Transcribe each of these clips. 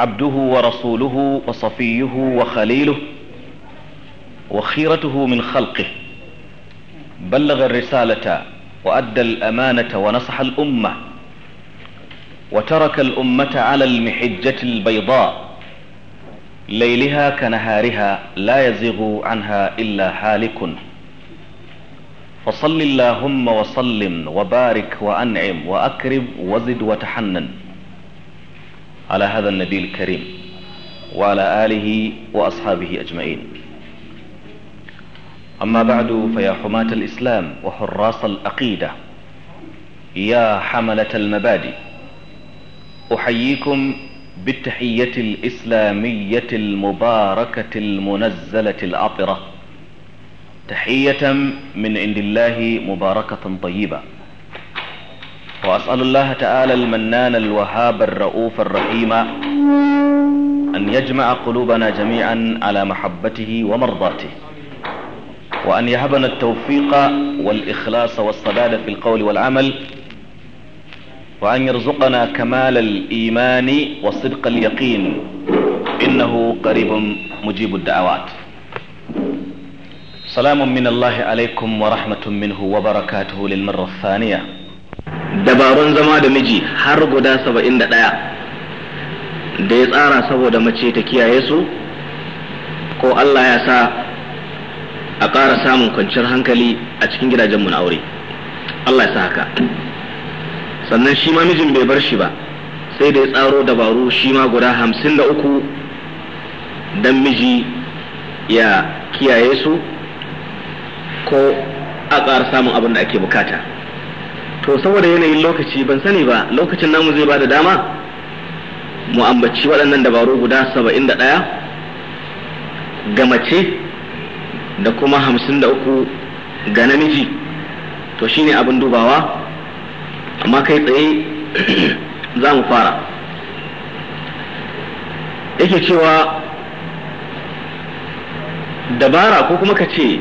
عبده ورسوله وصفيه وخليله وخيرته من خلقه بلغ الرسالة وأدى الأمانة ونصح الأمة وترك الأمة على المحجة البيضاء ليلها كنهارها لا يزغ عنها إلا هالك فصل اللهم وسلم وبارك وأنعم وأكرم وزد وتحنن على هذا النبي الكريم وعلى آله وأصحابه أجمعين أما بعد فيا حماة الإسلام وحراس الأقيدة يا حملة المبادئ أحييكم بالتحية الإسلامية المباركة المنزلة العطرة تحية من عند الله مباركة طيبة وأسأل الله تعالى المنان الوهاب الرؤوف الرحيم أن يجمع قلوبنا جميعا على محبته ومرضاته وأن يهبنا التوفيق والإخلاص والصداد في القول والعمل وأن يرزقنا كمال الإيمان وصدق اليقين إنه قريب مجيب الدعوات سلام من الله عليكم ورحمة منه وبركاته للمرة الثانية dabarun zama da miji har guda saba'in da ɗaya da ya tsara saboda mace ta kiyaye su ko Allah ya sa a ƙara samun kwanciyar hankali a cikin gidajenmu na aure Allah ya sa haka sannan shi ma mijin bai bar shi ba sai da ya tsaro dabaru shi ma guda hamsin da uku don miji ya kiyaye su ko a ƙara samun abin da ake bukata. to saboda yanayin lokaci ban sani ba lokacin namu zai bada dama mu ambaci waɗannan dabaru guda saba'in da ɗaya ga mace da kuma hamsin da uku ga namiji to shine abin dubawa amma kai tsaye za mu fara yake cewa dabara ko kuma ka ce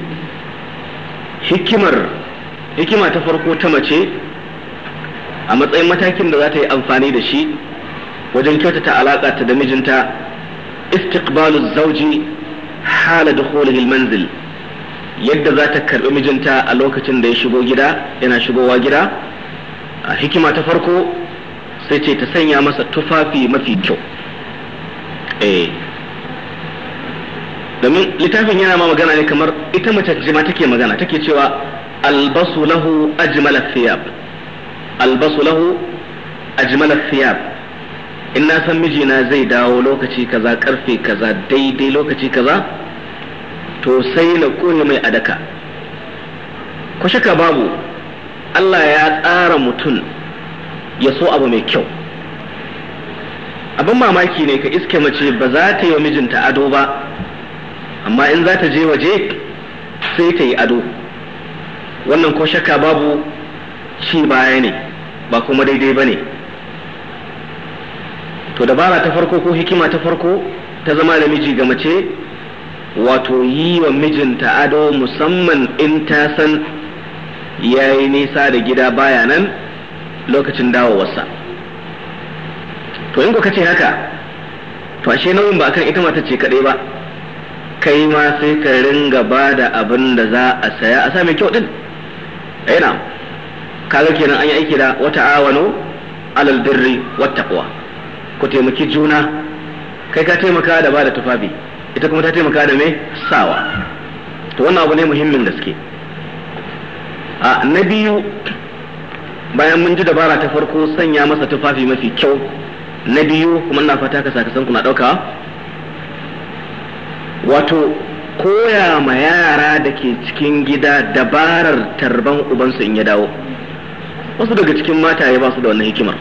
hikimar hikima ta farko ta mace a matsayin matakin da za ta yi amfani da shi wajen kyautata alaka ta da mijinta istiqbalu zauji hala dukhulihi manzil yadda za ta karɓi mijinta a lokacin da ya shigo gida yana shigowa gida a hikima ta farko sai ce ta sanya masa tufafi mafi kyau eh domin littafin yana ma magana ne kamar ita mace jima take magana take cewa albasu lahu ajmala thiyab albasu lahu ajmal thiyab in na san mijina zai dawo lokaci kaza karfe kaza daidai lokaci kaza to sai na kone mai adaka ko shaka babu Allah ya tsara mutum ya so abu mai kyau abin mamaki ne ka iske mace ba za ta yi wa mijinta ado ba amma in za ta je waje sai ta yi ado wannan ko shaka babu shi baya ne ba kuma daidai ba ne to dabara ta farko ko hikima ta farko ta zama da miji ga mace wato yi wa mijinta ado musamman in ta san ya yi nisa da gida baya nan lokacin dawowarsa to in ka ce haka to ashe nauyin ba kan ita mata ce kaɗai ba kai ma sai ka ringa ba da abin da za a saya a sa mai kyau din ina eh, kaga kenan an yi aiki da wata awano alal birri wattaqwa ku taimaki juna kai ka taimaka da ba da tufafi ita kuma ta taimaka da me sawa to wannan abu ne muhimmin gaske a na biyu bayan mun ji dabara ta farko sanya masa tufafi mafi kyau na biyu kuma na fata ka sakasan kuna ɗauka wato koya ma yara da ke cikin gida dabarar tarban ubansu in ya dawo wasu daga cikin mataye ba su da wannan hikimar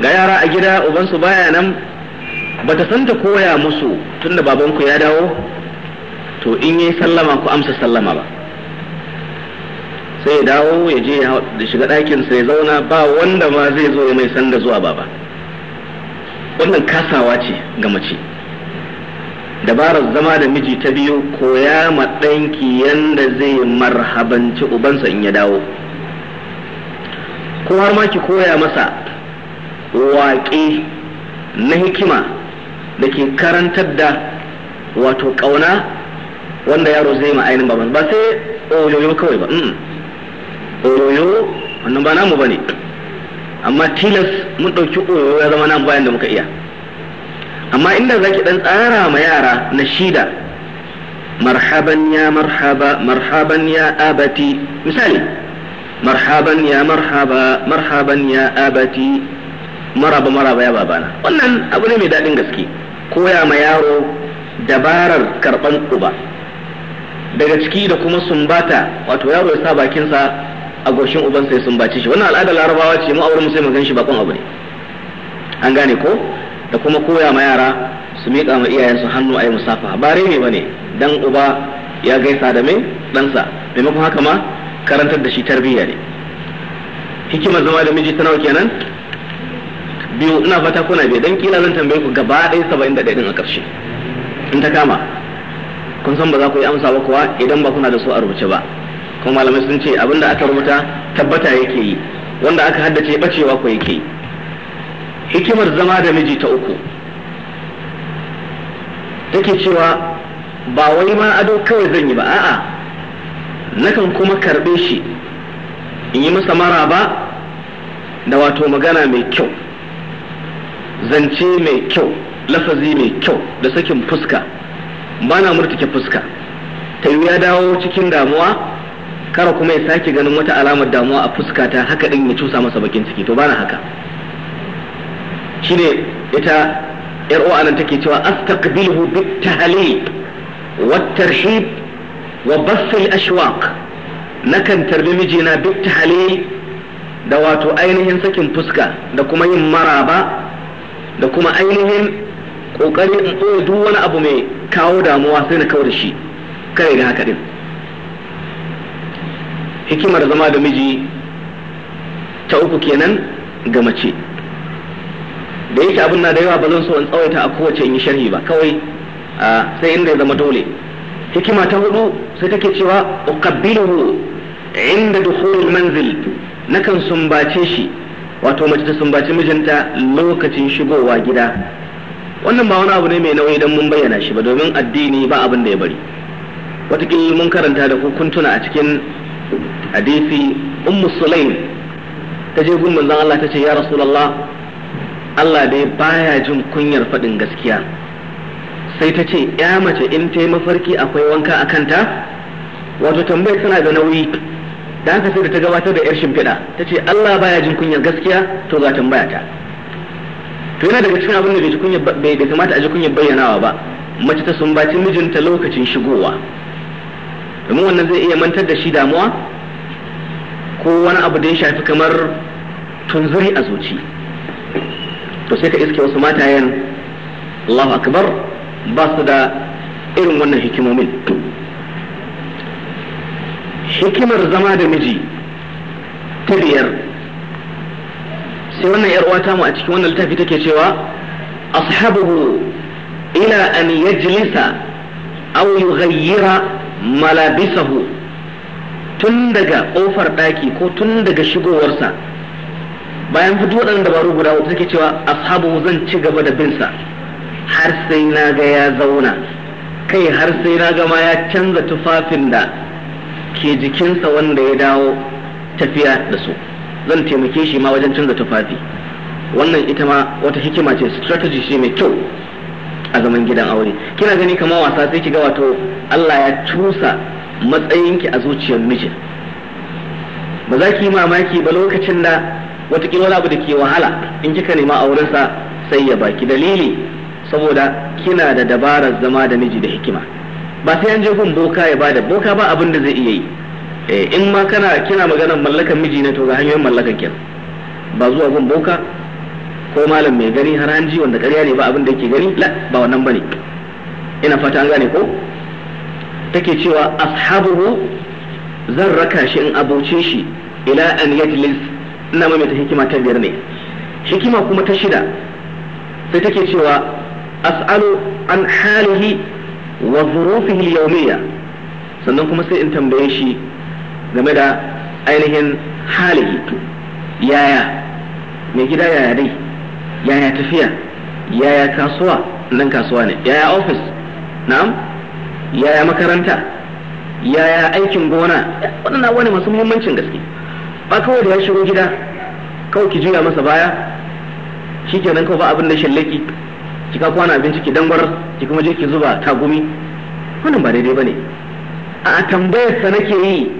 ga yara a gida ubansu baya nan bata san ta koya musu tunda babanku ya dawo to in yi sallama ku amsa sallama ba sai ya dawo ya je da shiga ɗakin sai zauna ba wanda ma zai zo mai sanda zuwa baba wannan kasawa ce ga mace dabarar zama da miji ta biyu koya ma ɗanki yanda zai marhabanci ubansa in ya dawo ko har ma ki koya masa waƙe na hikima da ke karantar da wato ƙauna wanda yaro zai ma ainihin baban ba sai oyoyo kawai ba mm. oyoyo wannan ba namu ba ne amma tilas mun ɗauki oyoyo ya zama namu bayan da muka iya amma inda zaki dan tsara ma yara na shida marhaban ya marhaba marhaban ya abati misali marhaban ya marhaba marhaban ya abati maraba maraba ya babana wannan abu ne mai daɗin gaske koya ma yaro dabarar karɓan uba daga ciki da kuma sumbata wato yaro ya sa bakinsa a goshin ubansa ya sumbace shi wannan al'adar larabawa ce mu wurin mu sai mu gan shi bakon abu ne an gane ko da kuma koya ma yara su miƙa ma iyayensu hannu a yi musafa ba rene ba ne dan uba ya gaisa da mai ɗansa maimakon haka ma karantar da shi tarbiyya ne hikimar zama da miji nawa kenan biyu ina fata kuna biyu dan kila zan tambaye ku gaba ɗaya saba'in da ɗaya a ƙarshe in ta kama kun san ba za ku yi amsa ba kuwa idan ba kuna da su a rubuce ba kuma malamai sun ce abinda aka rubuta tabbata yake yi wanda aka haddace bacewa ko yake yi hikimar zama da miji ta uku take cewa ba wai ma ado kawai zan yi ba a'a nakan kuma karbe shi in yi masa mara ba da wato magana mai kyau zance mai kyau lafazi mai kyau da sakin fuska ba na murtuke fuska ta ya dawo cikin damuwa kara kuma ya sake ganin wata alamar damuwa a fuskata haka ɗin ya cusa masa bakin ciki to bana haka shine ita yar uwa nan take cewa astaqbiluhu bit tahlil wa tarhib wa bath al ashwaq nakan tarbi mijina bit tahlil da wato ainihin sakin fuska da kuma yin maraba da kuma ainihin kokarin in ɓoye duk wani abu mai kawo damuwa sai na kawo shi kare ga haka din hikimar zama da miji ta uku kenan ga mace da yake abin na da yawa ba zan so in tsawaita a kowace yin sharhi ba kawai sai inda ya zama dole hikima ta hudu sai take cewa uqabbiluhu inda dukhulul manzil nakan sumbace shi wato mace ta sumbaci mijinta lokacin shigowa gida wannan ba wani abu ne mai nauyi idan mun bayyana shi ba domin addini ba abin da ya bari watakila mun karanta da ku kun tuna a cikin hadisi ummu sulaim ta je gun manzon Allah ta ce ya rasulullah Allah dai baya jin kunyar faɗin gaskiya sai ta ce ya mace in ta yi mafarki akwai wanka a kanta wato tambayar tana da nauyi da haka sai da ta gabatar da yar shimfiɗa ta ce Allah baya jin kunyar gaskiya to za tambaya ta to yana daga cikin abin da bai kunya bai da kamata a ji kunyar bayyanawa ba mace ta sumbaci mijinta lokacin shigowa domin wannan zai iya mantar da shi damuwa ko wani abu da ya shafi kamar tunzuri a zuci to sai ka iske wasu matayen Allahu akbar ba su da irin wannan hikimomin hikimar zama da miji ta biyar sai wannan yar uwa mu a cikin wannan littafi take cewa ashabuhu ila an yajlisa aw yughayyira malabisahu tun daga kofar daki ko tun daga shigowarsa bayan fito waɗannan dabaru guda wata take cewa ashabu zan ci gaba da bin sa har sai na ga ya zauna kai har sai na ga ma ya canza tufafin da ke jikinsa wanda ya dawo tafiya da su zan taimake shi ma wajen canza tufafi wannan ita ma wata hikima ce strategy ce mai kyau a zaman gidan aure kina gani kamar wasa sai ki ga wato Allah ya cusa matsayinki a zuciyar mijin ba za ki yi mamaki ba lokacin da watakila wani abu da ke wahala in kika nema a wurinsa sai ya baki dalili saboda kina da dabarar zama da miji da hikima ba sai an je gun boka ya bada boka ba abin da zai iya yi eh, in ma kana kina maganar mallakar miji na to ga hanyoyin mallakar kin ba zuwa gun boka ko malam mai gani har hanji wanda ƙarya ne ba abin da yake gani la ba wannan bane ina fata an gane ko take cewa ashabuhu zan raka shi in abuce shi ila an yajlis ina mai hikima ta biyar ne hikima kuma ta shida sai take cewa as'alu an halihi wa zurufihi yawmiya sannan kuma sai in tambaye shi game da ainihin halihi yaya mai gida yaya dai yaya tafiya yaya kasuwa nan kasuwa ne yaya ofis na'am yaya makaranta yaya aikin gona waɗannan wani masu muhimmancin gaske ba kawai da ya shigo gida kawai ki juya masa baya shi kenan kawai ba abin da shallaki ki ka kwana abinci ki dangwar ki kuma je ki zuba tagumi wannan ba daidai bane a tambayar sa nake yi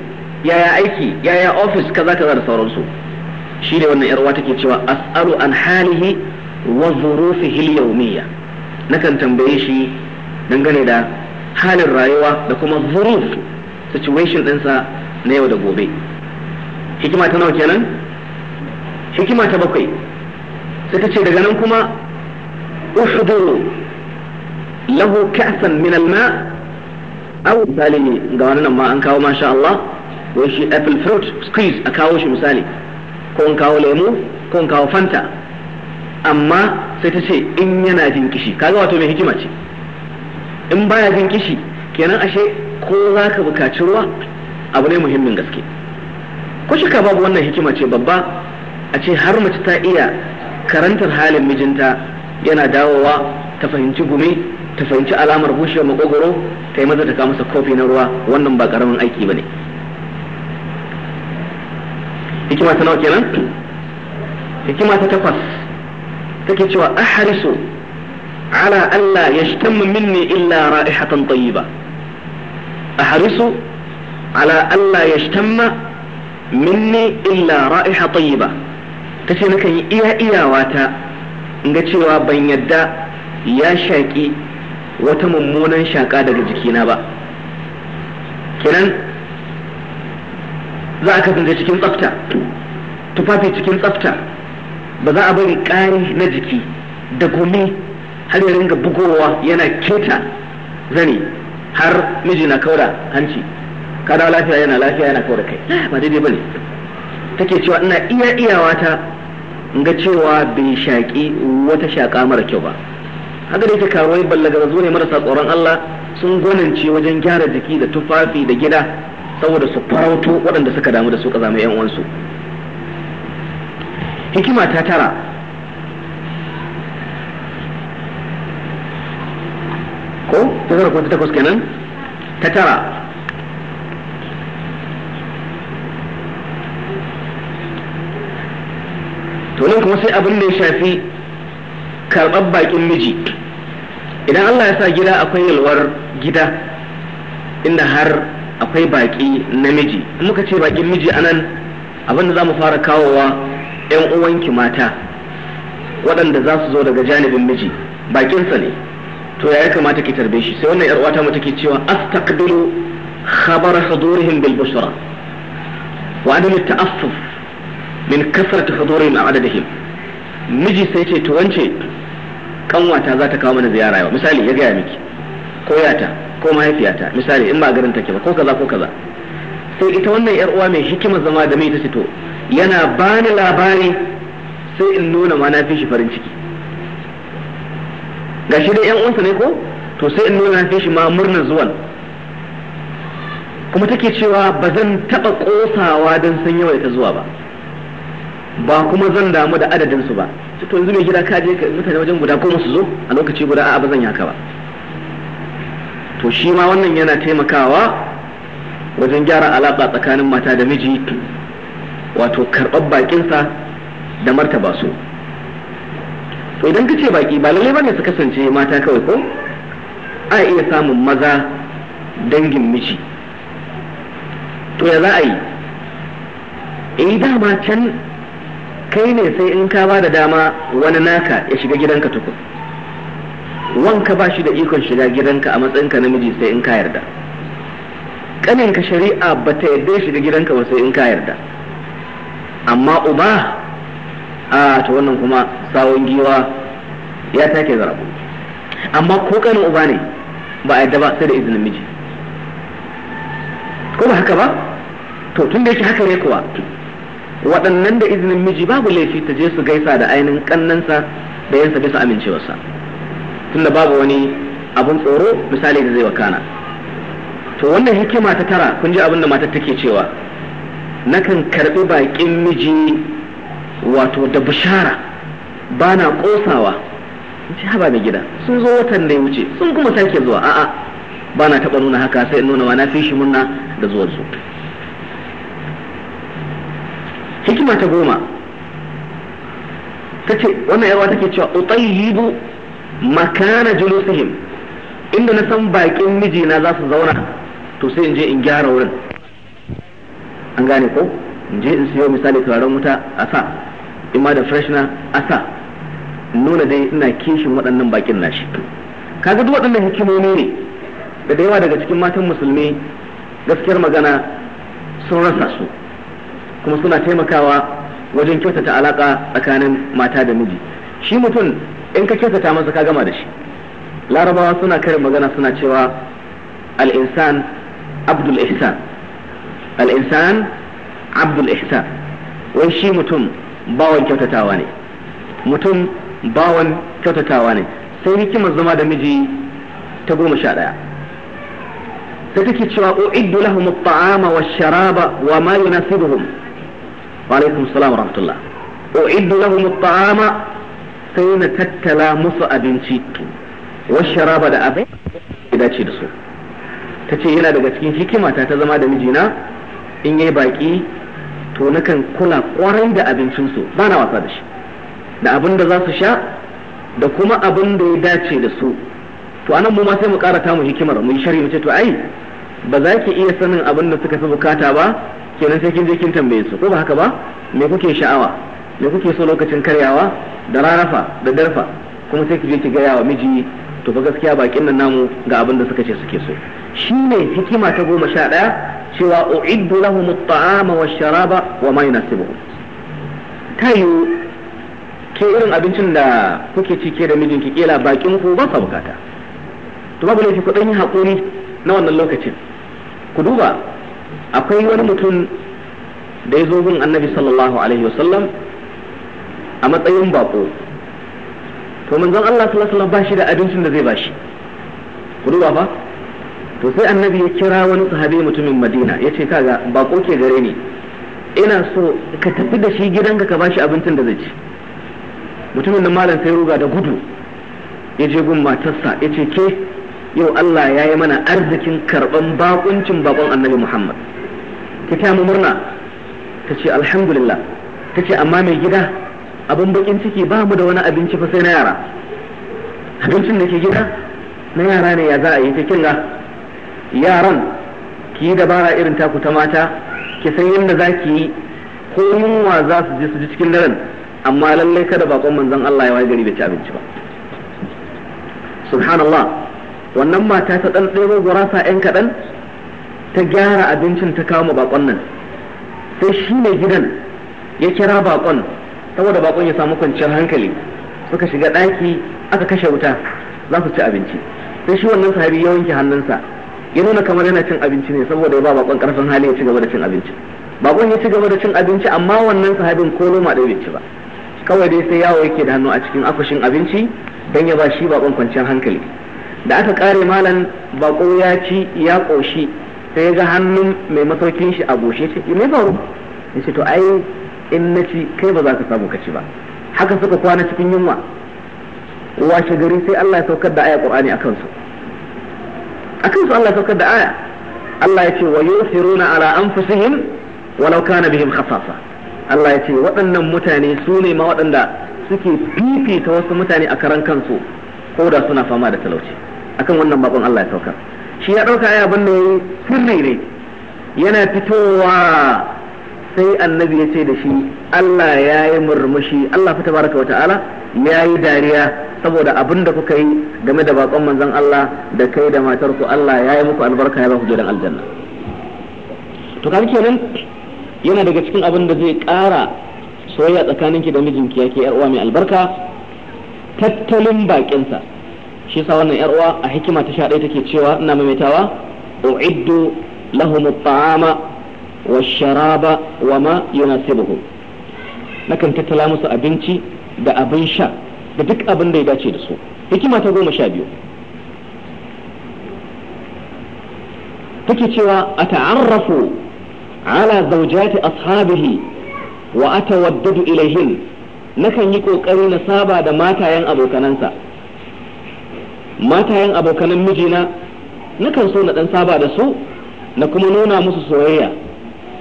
yaya aiki yaya office kaza kaza da sauransu shi ne wannan yarwa take cewa as'alu an halihi wa zurufihi hil yawmiyya nakan tambaye shi dangane da halin rayuwa da kuma zuruf situation ɗinsa na yau da gobe hikima ta nawa kenan hikima ta bakwai sai ta ce daga nan kuma uhduru lahu ka'san min alma aw misali ga wannan ma an kawo masha Allah wai shi apple fruit squeeze a kawo shi misali ko an kawo lemu ko an kawo fanta amma sai ta ce in yana jin kishi kaga wato mai hikima ce in baya jin kishi kenan ashe ko za ka bukaci ruwa abu ne muhimmin gaske ko shaka babu wannan hikima ce babba a ce har mace ta iya karantar halin mijinta yana dawowa ta fahimci gumi ta fahimci alamar bushewa makogoro ta yi maza ta kawo masa kofi na ruwa wannan ba karamin aiki ba ne hikima ta nawa kenan hikima ta takwas take cewa harisu ala Allah ya minni illa ra'ihatan tayyiba harisu ala Allah ya shtamma minni illa ra'iha tayyiba tace nakan yi iya iyawa ta in cewa ban yadda ya shaƙi wata mummunan shaƙa daga jikina ba kenan za a kasance cikin tsafta tufafi cikin tsafta ba za a bari ƙari na jiki da gumi har ya ringa bugowa yana keta zane har miji na kaura hanci ka dawo lafiya yana lafiya yana kawar kai ba daidai ne take cewa ina iya iyawa ta in ga cewa bai shaƙi wata shaƙa mara kyau ba haka da yake karuwai ballaga zo ne marasa tsoron Allah sun gwanance wajen gyara jiki da tufafi da gida saboda su farauto waɗanda suka damu da su kaza mai uwansu hikima ta tara ko ta tara ko takwas kenan ta tara to nan kuma sai abin da ya shafi karɓar bakin miji idan Allah ya sa gida akwai yalwar gida inda har akwai baki namiji in muka ce bakin miji anan abin da za mu fara kawowa 'yan uwanki mata waɗanda za su zo daga janibin miji bakinsa ne to ya kamata ki tarbe shi sai wannan 'yar uwata mu take cewa astaqbilu khabara hudurihim bil bushra wa adam taaffuf min kasrati hudurihim a adadihim miji sai ce to wance kanwata za ta kawo mana ziyara yau misali ya gaya miki ko yata ko mahaifiyata misali in ba garin take ba ko kaza ko kaza sai ita wannan yar uwa mai hikimar zama da mai ta to yana bani labari sai in nuna ma na fi shi farin ciki gashi dai yan uwansa ne ko to sai in nuna na fi shi ma murnar zuwan kuma take cewa ba zan taɓa ƙosawa don san yawaita zuwa ba ba kuma zan damu da adadin su ba su to yanzu mai gida ka je mutane wajen guda ko su zo a lokaci guda a ba zan yaka ba to shi ma wannan yana taimakawa wajen gyara alaka tsakanin mata da miji wato karɓar bakinsa da martaba su to idan ka ce baki ba lallai bane su kasance mata kawai ko a iya samun maza dangin miji to ya za a yi idan eh, ma can kai ne sai in ka ba da dama wani naka ya shiga gidanka tukun wanka ba shi da ikon shiga gidanka a matsayinka namiji sai in ka yarda kaninka shari'a ba ta yarda ya shiga gidanka ba sai in ka yarda amma uba a ta wannan kuma sawon giwa ya take zarabu amma ko kanin uba ne ba a yarda ba sai da izinin miji ko ba haka ba to tun da yake haka ne kuwa waɗannan da izinin miji babu laifi ta je su gaisa da ainihin kannansa da yansa bisa amincewarsa tunda babu wani abun tsoro misali da zai wakana to wannan hikima ta tara kun ji abin da matar take cewa nakan karɓi baƙin miji wato da bishara ba na ƙosawa ce haba mai gida sun zo watan da ya wuce sun kuma sake zuwa a'a ba na taɓa nuna haka sai in nuna wa na fi shi murna da zuwansu hikima ta goma ta ce wannan yawa take cewa utayyibu makana julusihim inda na san bakin mijina za su zauna to sai in je in gyara wurin an gane ko in je in siyo misali turaren wuta a sa in ma da freshna a sa nuna dai ina kishin waɗannan bakin nashi kaga duk waɗannan hikimomi ne da da yawa daga cikin matan musulmi gaskiyar magana sun rasa su kuma suna taimakawa wajen kyautata alaka tsakanin mata da miji shi mutum in ka kyautata masa ka gama da shi larabawa suna karin magana suna cewa al-insan abdul ihsan al-insan abdul ihsan wai shi mutum bawan kyautatawa ne mutum bawan kyautatawa ne sai hikimar zama da miji ta goma sha ɗaya ta take cewa u'iddu lahum at-ta'ama wash-sharaba wa ma yunasibuhum wa alaikum salam wa rahmatullah u'iddu lahum at-ta'ama sai na tattala musu abinci wa sharaba da abai ya dace da su tace yana daga cikin hikima ta zama da mijina in yayi baki to nakan kula kwarai da abincinsu ba na wasa da shi da abin da za su sha da kuma abin da ya dace da su to anan mu ma sai mu ƙara ta mu hikimar mu yi shari mu ce to ai ba za ki iya sanin abin da suka fi bukata ba kenan sai kin je kin tambaye su ko ba haka ba me kuke sha'awa me kuke so lokacin karyawa da rarafa da darfa kuma sai ki je ki gaya wa miji to fa gaskiya bakin nan namu ga abin da suka ce suke so shine hikima ta goma sha daya cewa u'iddu lahum at-ta'ama wash-sharaba wa ma yunasibuhum tayu ke irin abincin da kuke ci ke da mijinki kila bakin ku ba sa bukata to babu laifi ku dan yi hakuri na wannan lokacin ku duba akwai wani mutum da ya zo gun annabi sallallahu alaihi wasallam a matsayin bako to manzon Allah sallallahu alaihi wasallam ba shi da abincin da zai bashi ku duba ba to sai annabi ya kira wani sahabi mutumin Madina ya ce kaga bako ke gare ni ina so ka tafi da shi gidanka ka bashi abincin da zai ci mutumin da malam sai ruga da gudu ya je gun matarsa ya ce ke yau Allah ya yi mana arzikin karban bakuncin bakon annabi Muhammad kita mu murna ta ce alhamdulillah ta amma mai gida abin bakin ciki ba mu da wani abinci fa sai na yara abincin da ke gida na yara ne ya za a yi ta kinga yaran ki yi dabara irin taku ta mata ki san yadda za ki yi ko yunwa za su je su ji cikin daren amma lallai kada bakon manzon Allah ya wai gari bai ci abinci ba subhanallah wannan mata ta dan tsebo gurasa yan kaɗan ta gyara abincin ta kawo bakon nan sai shi ne gidan ya kira bakon saboda bakon ya samu kwanciyar hankali suka shiga ɗaki aka kashe wuta za su ci abinci sai shi wannan sahabi ya wanke hannunsa ya nuna kamar yana cin abinci ne saboda ya ba bakon karfin hali ya ci gaba da cin abinci bakon ya ci gaba da cin abinci amma wannan sahabin ko noma da bai ci ba kawai dai sai yawo yake da hannu a cikin akushin abinci dan ya ba shi bakon kwanciyar hankali da aka kare malam bako ya ci ya koshi sai ga hannun mai masaukin shi a bushe ce mai faru ya ce to ai in na ci kai ba za ka samu kaci ba haka suka kwana cikin yunwa washe gari sai Allah ya saukar da aya Qur'ani akan su akan su Allah ya saukar da aya Allah ya ce wa yusiruna ala anfusihim walau kana bihim khasasa Allah ya ce waɗannan mutane su ne ma waɗanda suke fifita wasu mutane a karan kansu ko da suna fama da talauci akan wannan bakon Allah ya saukar shi ya ɗauka ya abin da ya yi sirri ne yana fitowa sai annabi ya ce da shi Allah ya yi murmushi Allah fi tabaraka wata'ala ya yi dariya saboda abin da kuka yi game da bakon manzon Allah da kai da matar ku Allah ya yi muku albarka ya ba ku gidan aljanna to ke kenan yana daga cikin abin da zai ƙara soyayya tsakaninki da mijinki yake yar uwa mai albarka tattalin bakinsa shi yasa wannan yar uwa a hikima ta sha take cewa ina maimaitawa u'iddu lahum at-ta'ama wash-sharaba wa ma yunasibuhu nakan tattala musu abinci da abin sha da duk abin da ya dace da su hikima ta goma sha biyu take cewa a ta'arrafu ala zaujati ashabihi wa atawaddadu ilaihin nakan yi kokari na saba da matayen abokanansa matayen abokanan mijina na kan so na dan saba da su na kuma nuna musu soyayya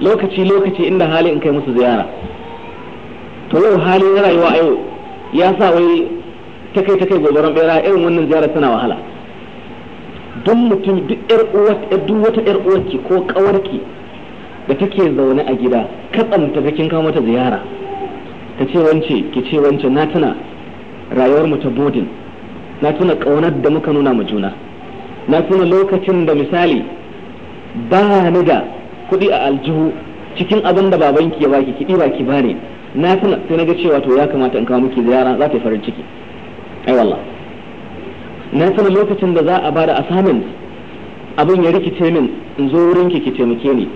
lokaci lokaci inda hali in kai musu ziyara to yau hali na rayuwa a yau ya sa wai ta kai ta kai gobaran bera irin wannan ziyara tana wahala don mutum duk yar duk wata yar uwarki ko kawarki da take zaune a gida katsamta ta kin kawo mata ziyara ta ce wance ki ce wance na tana rayuwar mu ta bodin na tuna ƙaunar da muka nuna ma juna na tuna lokacin da misali ba ni da kuɗi a aljihu cikin abin da babanki ya baki kiɗi baki ba ne na tuna sai na ga cewa to ya kamata in kawo miki ziyara za ta yi farin ciki ai wallah na tuna lokacin da za a bada assignment abin ya rikice min in zo wurin ki ki taimake ni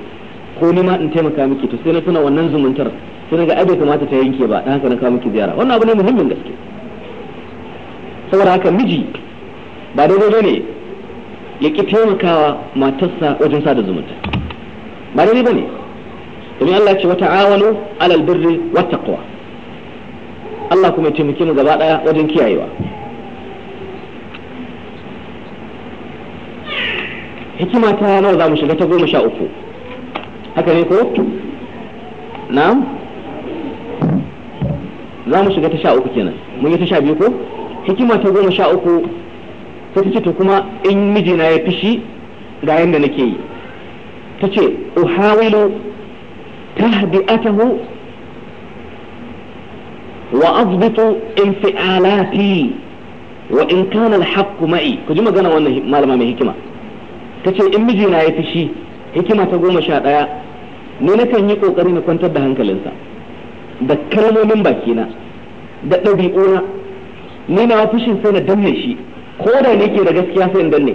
ko ni ma in taimaka miki to sai na tuna wannan zumuntar sai na ga ai bai kamata ta yanke ba dan haka na kawo miki ziyara wannan abu ne muhimmin gaske saboda haka miji ba daidai bane ya ki taimakawa matarsa wajen sada zumunta ba daidai bane domin Allah ce wata awano alal birri wata taqwa Allah kuma ya taimake mu gaba daya wajen kiyayewa hikima ta nawa za mu shiga ta goma sha uku haka ne ko na'am za mu shiga ta sha uku kenan mun yi ta sha biyu ko hikima ta goma sha uku sai ta ce to kuma in mijina ya fishi ga yanda nake yi ta ce uhawilu tahdi'atahu wa azbitu infi'alati wa in kana alhaqqu ma'i ku ji magana wannan malama mai hikima Ta ce in mijina ya fishi hikima ta goma sha ɗaya na kan yi kokari na kwantar da hankalinsa da kalmomin bakina da ɗabi'una ni na fushin sai na danne shi ko da ne ke da gaskiya sai in danne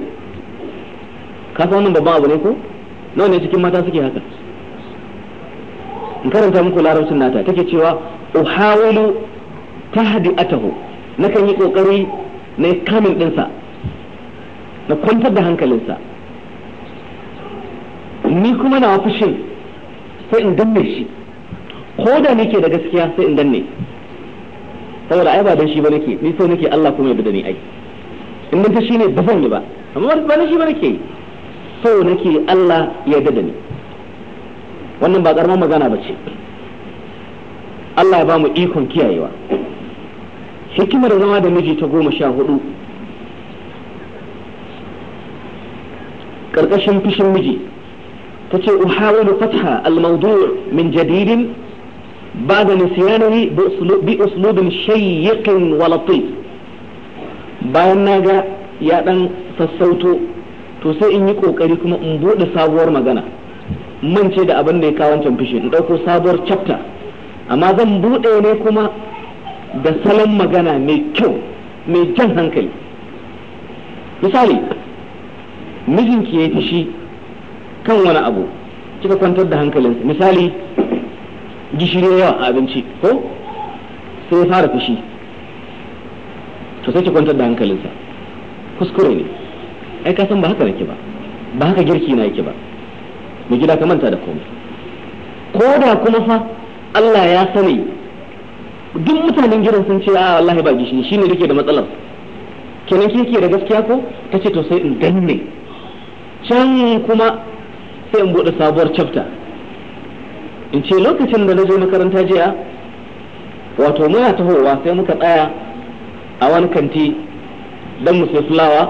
ka san wannan babban abu ne ko nawa ne cikin mata suke haka in karanta muku larabcin nata take cewa uhawilu na kan yi kokari na kamin dinsa na kwantar da hankalinsa ni kuma na fushin sai in danne shi ko da nake da gaskiya sai in danne saboda ai ba dan shi ba nake ni so nake Allah kuma ya da ni ai in dan ta shine ba zan yi ba amma ba dan shi ba nake so nake Allah ya da ni wannan ba karamar magana ba ce Allah ya ba mu ikon kiyayewa hikimar zama da miji ta goma sha hudu ƙarƙashin fishin miji ta ce uhawilu fatha al-mawdu' min jadidin بعد نسيانه بأسلوب شيق ولطيف bayan na ga ya ɗan sassauto to sai in yi ƙoƙari kuma in buɗe sabuwar magana mance da abin da ya kawo wancan fishe in ɗauko sabuwar chapter amma zan buɗe ne kuma da salon magana mai kyau mai jan hankali misali mijinki ya fushi kan wani abu kika kwantar da hankalinsa misali gishiri yawa a abinci ko sai ya fara fushi to sai ki kwantar da hankalinsa kuskure ne ai ka san ba haka nake ba ba haka girki na yake ba mu gida ka manta da komai ko da kuma fa Allah ya sani duk mutanen gidan sun ce a ah, wallahi ba gishiri shine nake da matsalar kenan ki yake da gaskiya ko tace to sai in danne can kuma sai in bude sabuwar chapter in ce lokacin da na zo makaranta jiya wato muna tahowa sai muka tsaya a wani kanti don mu fulawa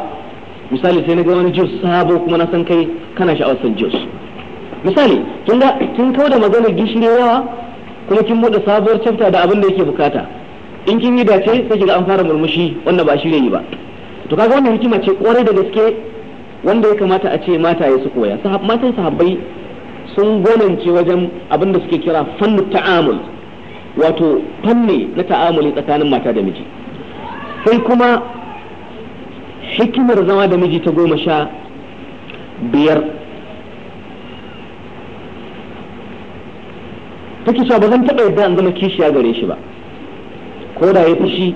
misali sai na ga wani jus sabo kuma na san kai kana sha'awar san jus misali kin da kin kawo da maganar gishiri yawa kuma kin buɗe sabuwar cafta da abin da yake bukata in kin yi dace sai kiga an fara murmushi wanda ba shi ne ba to kaga wannan hikima ce kwarai da gaske wanda ya kamata a ce mata ya su koya matan sahabbai sun gwanance wajen abin da suke kira Fannu ta'amul wato fanni na ta'amuli tsakanin mata da miji sai kuma hikimar zama da miji ta goma sha biyar take cewa ba zan taɓa yadda an zama kishiya gare shi ba ko da ya fushi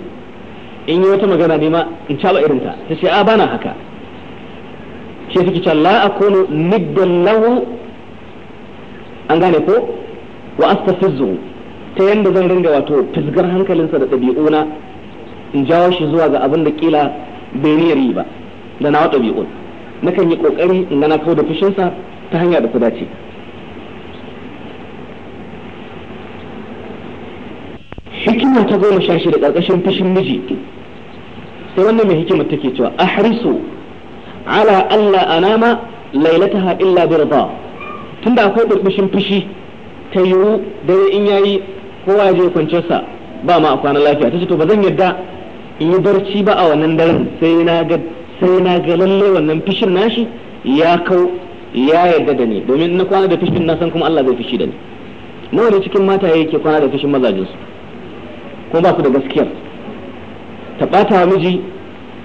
in yi wata magana ne ma in caɓa irinta ta ce a bana haka ce take cewa la niddan lahu an gane ko wa astafizu ta yanda zan ringa wato fisgar hankalinsa da ɗabi'una in jawo shi zuwa ga abin da kila bai yi ba da nawa ɗabi'un nakan yi ƙoƙari in gana kawo da fushinsa ta hanya da ta dace hikima ta goma sha da ƙarƙashin fushin miji sai wannan mai hikimar take cewa ahrisu ala alla anama lailataha illa birda tunda akwai burkushin fushi ta yiwu dare in yayi kowa ya je kwanciyarsa ba ma a kwana lafiya ta ce to ba zan yarda in yi barci ba a wannan daren sai na ga lalle wannan fishin nashi ya kau ya yarda da ni domin na kwana da fishin na san kuma Allah zai fishi da ni nawa ne cikin mata yake kwana da fishin mazajinsu ko ba ku da gaskiya ta bata miji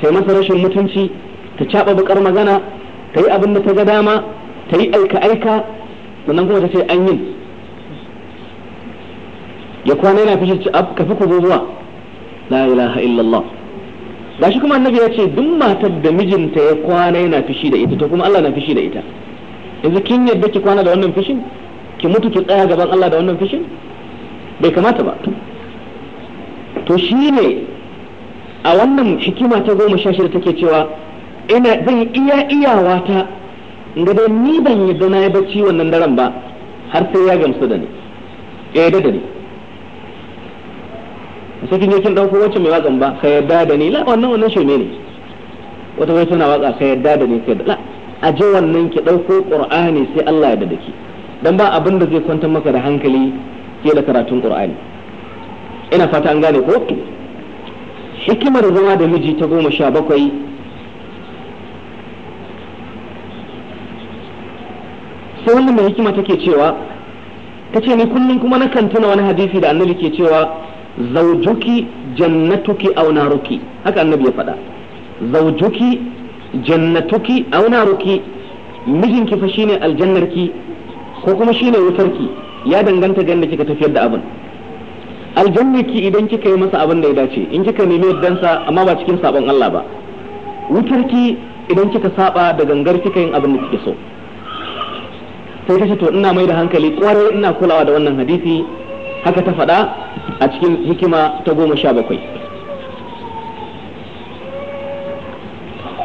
ta yi masa rashin mutunci ta caɓa bakar magana ta yi abin da ta ga dama ta yi aika-aika sannan kuma ta ce an yin ya kwana yana fi shi ka fi ku zuwa la ilaha illallah shi kuma annabi ya ce duk matar da mijinta ya kwana yana fishi da ita to kuma Allah na fishi da ita yanzu kin yadda ki kwana da wannan fishin ki mutu ki tsaya gaban Allah da wannan fishin bai kamata ba to shi ne a wannan hikima ta goma sha shida take cewa ina zan iya iyawa ta in dai ni ban yadda na yi bacci wannan daren ba har sai ya gamsu da ni ya eh, yadda da ni sai kin je kin dauko wacce mai watsan ba ka yadda da ni la wannan wannan shi ne wata wai suna watsa ka yadda da ni sai da la a je wannan ki dauko qur'ani sai Allah ya dadake dan ba abin da zai kwantar maka da hankali ke da karatun qur'ani ina fata an gane ko hikimar zama da miji ta goma sha bakwai sai wannan mai hikima take cewa ta ce ni kullum kuma na kan tuna wani hadisi da annabi ke cewa zaujuki jannatuki aw naruki haka annabi ya faɗa zaujuki jannatuki aw naruki mijinki fa shine aljannarki ko kuma shine wutarki ya danganta ga yadda kika tafiyar da abin aljannarki idan kika yi masa abin da ya dace in kika nemi yaddansa amma ba cikin sabon Allah ba wutarki idan kika saba da gangar kika yin abin da kike so sai ta to ina mai da hankali kwarai ina kulawa da wannan hadisi haka ta faɗa a cikin hikima ta goma sha bakwai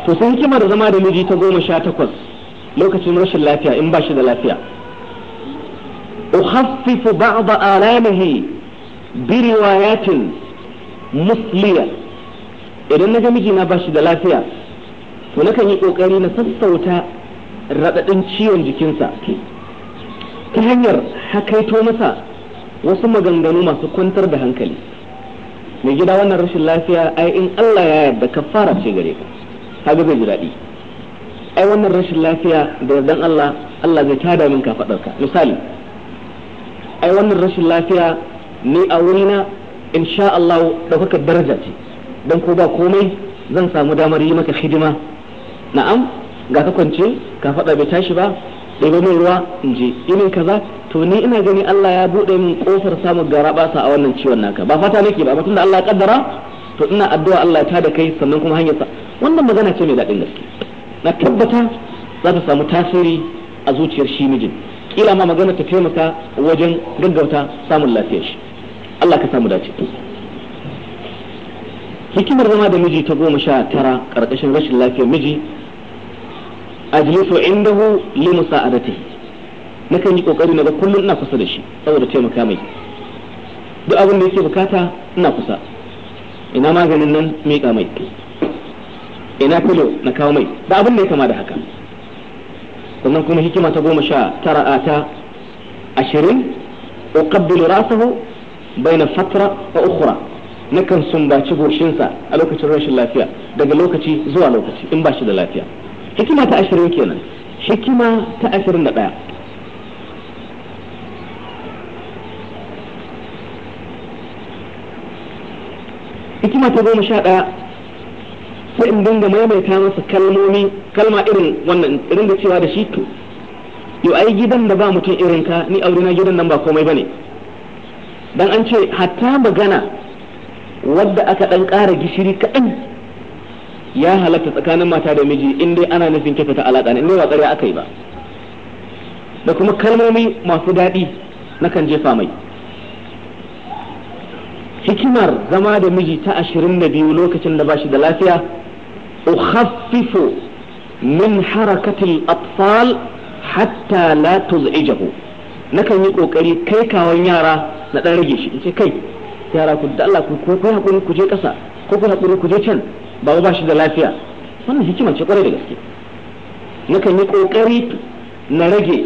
to sai hikima da zama da miji ta goma sha takwas lokacin rashin lafiya in ba shi da lafiya أخفف بعض آلامه بروايات musliya idan na ga mijina ba shi da lafiya to nakan yi kokari na sassauta raɗaɗin ciwon jikinsa ta hanyar hakaito masa wasu maganganu masu kwantar da hankali mai gida wannan rashin lafiya ai in Allah ya yarda ka fara ce gare ka kaga zai ji daɗi ai wannan rashin lafiya da yardan Allah Allah zai tada min faɗarka misali ai wannan rashin lafiya ne a wurina insha Allah ɗaukakar daraja ce don ko ba komai zan samu damar yi maka hidima na'am ga ka kwance ka faɗa bai tashi ba ɗaya min ruwa in je Ina kaza to ni ina gani Allah ya buɗe min ƙofar samun garabasa a wannan ciwon naka ba fata nake ba tunda Allah ya kaddara to ina addu'a Allah ya tada kai sannan kuma hanyar sa wannan magana ce mai daɗin gaske na tabbata za ta samu tasiri a zuciyar shi mijin kila ma magana ta taimaka wajen gaggauta samun lafiyar shi Allah ka samu dace hikimar zama da miji ta goma sha tara ƙarƙashin rashin lafiyar miji ajlisu indahu li musa'adatihi nakan yi kokari na ga kullum ina kusa da shi saboda taimaka mai duk abin da yake bukata ina kusa ina maganin nan mika mai ina filo na kawo mai da abin da ya kama da haka sannan kuma hikima ta goma sha tara a ta ashirin uqabbilu rasahu baina fatra wa ukhra nakan sumbaci goshinsa a lokacin rashin lafiya daga lokaci zuwa lokaci in ba shi da lafiya hikima ta ashirin kenan hikima ta ashirin da ɗaya hikima ta goma sha ɗaya sai in dinga maimaita masa kalmomi kalma irin wannan irin da cewa da shi to yau ai gidan da ba mutum irin ka ni aure na gidan nan ba komai bane dan an ce hatta magana wadda aka dan ƙara gishiri kaɗan ya halatta tsakanin mata da miji in dai ana nufin kyautata alaƙa ne in dai ba tsariya aka yi ba da kuma kalmomi masu daɗi na kan jefa mai hikimar zama da miji ta ashirin da biyu lokacin da bashi da lafiya ukhaffifu min harakatil atfal hatta la tuz'ijahu nakan yi kokari kai kawon yara na dan rage shi in ce kai yara ku da Allah ku ku hakuri ku je kasa ko ku hakuri ku je can ba ba shi da lafiya wannan hikima ce kwarai da gaske nakan yi kokari na rage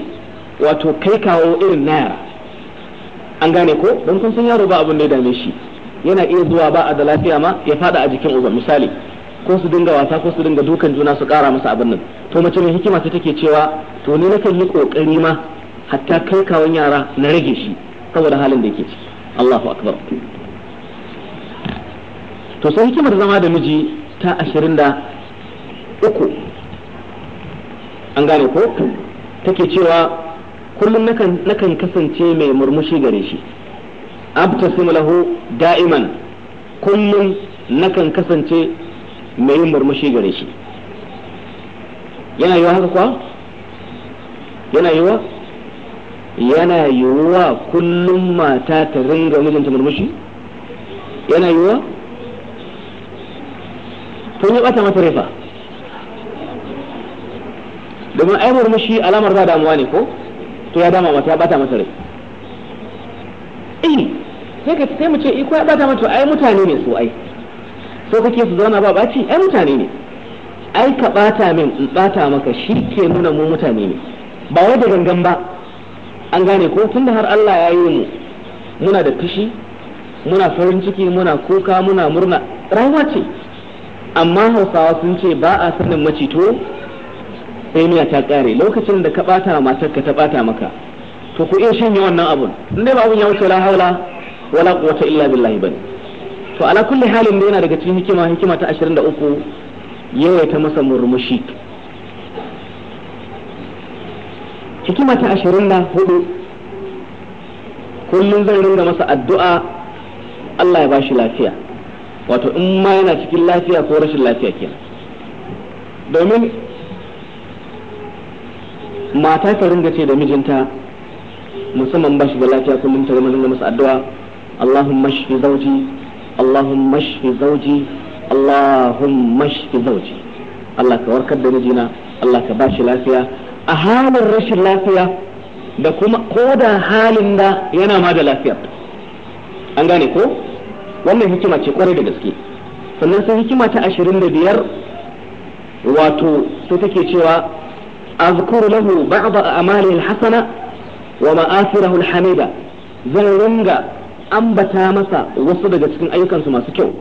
wato kai kawo irin na yara an gane ko don kun san yaro ba abin da ya dame shi yana iya zuwa ba a da lafiya ma ya fada a jikin uban misali ko su dinga wasa ko su dinga dukan juna su kara masa abin nan to mace mai hikima ta take cewa to ni nakan yi kokari ma hatta kai kawon yara na rage shi saboda halin da yake ciki Allahu akbar to sai hikimar zama da miji ta ashirin da uku an gane ko take cewa kullum nakan kasance mai murmushi gare shi abtasimu lahu da'iman kullum nakan kasance mai yin murmushi gare shi yana yiwa haka kuwa yana yiwa yana yiwa kullum mata ta ringa mijinta murmushi yana yiwa sun yi bata mata rufa domin ai murmushi alamar ba damuwa ne ko to ya dama mata ya bata mata rai eh sai ka sai mu ce iko eh, ya bata mata ai mutane ne su ai so kake su zauna ba baci ai mutane ne ai ka bata min in bata maka shi ke nuna mu mutane ne ba wai da gangan ba an gane ko tunda har Allah ya yi mu muna da fishi muna farin ciki muna kuka muna murna rayuwa ce amma hausawa sun ce ba a sanin macito sai miya ta kare lokacin da ka bata matar ka ta bata maka to ku iya shanye wannan abun in dai ba abun ya wuce la haula wala quwwata illa billahi bane to ala kulli halin da yana daga cikin hikima hikima ta 23 yawa ta masa murmushi hikima ta 24 kullum zan ringa masa addu'a Allah ya bashi lafiya wato in ma yana cikin lafiya ko rashin lafiya kenan domin mata ta ringa ce da mijinta musamman ba shi da lafiya kullum ta ringa masa addu'a Allahumma shfi zawji Allahumma shfi zawji Allahumma shfi zawji Allah ka warkar da mijina Allah ka ba shi lafiya a halin rashin lafiya da kuma ko da halin da yana ma da lafiya an gane ko wannan hikima ce kwarai da gaske sannan sai hikima ta ashirin da biyar wato sai take cewa azkuru lahu ba'd a al-hasana wa ma'asirahu al zan ringa ambata masa wasu daga cikin ayyukansu masu kyau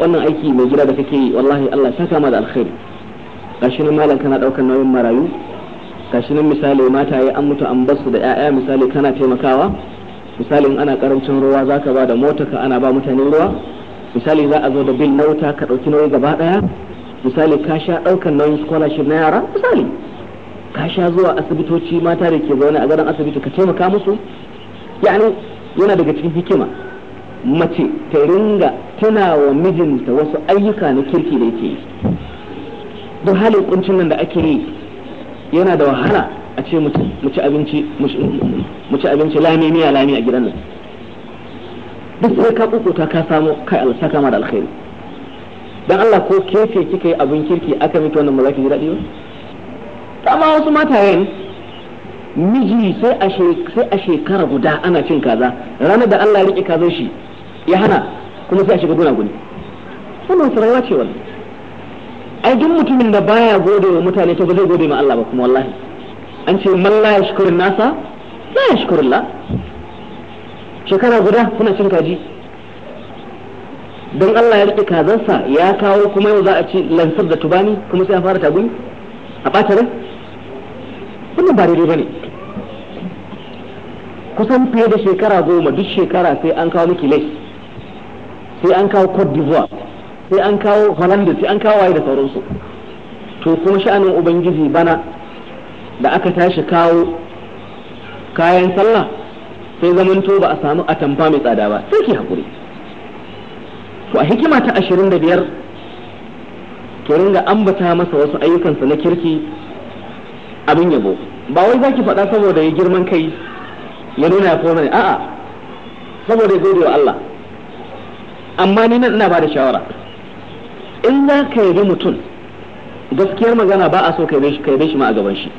wannan aiki mai gida da kake wallahi Allah saka da alkhairi gashi nan malam kana daukar nauyin marayu gashi nan misali mata ya an mutu an basu da 'ya'ya misali kana taimakawa misali in ana karancin ruwa za ka ba da mota ka ana ba mutane ruwa misali za a zo da bil na wuta ka ɗauki nauyi gaba ɗaya misali ka sha ɗaukar nauyin scholarship na yara misali ka sha zuwa asibitoci mata da ke zaune a gadon asibiti ka taimaka musu yani yana daga cikin hikima mace ta ringa tana wa mijinta wasu ayyuka na kirki da yake yi don halin kuncin nan da ake yi yana da wahala a ce mu ci abinci mu abinci lami miya lami a gidan nan duk sai ka kukuta ka samu kai Allah saka ma da alkhairi dan Allah ko ke ce kika yi abin kirki aka miki wannan mazaki za ki ji daɗi ba amma wasu matayen miji sai a sai a shekara guda ana cin kaza ranar da Allah ya rike kazon shi ya hana kuma sai a shiga guna guni wannan rayuwa ce wannan ai duk mutumin da baya gode wa mutane to ba zai gode ma Allah ba kuma wallahi an ce man la shukurin nasa la shukurin la shekara guda kuna cin kaji don Allah ya rike kazansa ya kawo kuma yau za a ci lansar da tubani kuma sai a fara tagun a ɓata rai wannan ba daidai bane kusan fiye da shekara goma duk shekara sai an kawo miki lai sai an kawo cote d'ivoire sai an kawo holanda sai an kawo waye da sauransu to kuma sha'anin ubangiji bana da aka tashi kawo kayan sallah sai zamanto ba a samu atamfa mai tsada ba sai ki hakuri to a hikima ta ashirin da biyar ki ringa ambata masa wasu ayyukansa na kirki abin yabo ba wai zaki faɗa saboda ya girman kai ya nuna ya koma a'a saboda ya Allah amma ni nan ina ba da shawara in za ka yabi mutum gaskiyar magana ba a so ka yabe shi ma a gaban shi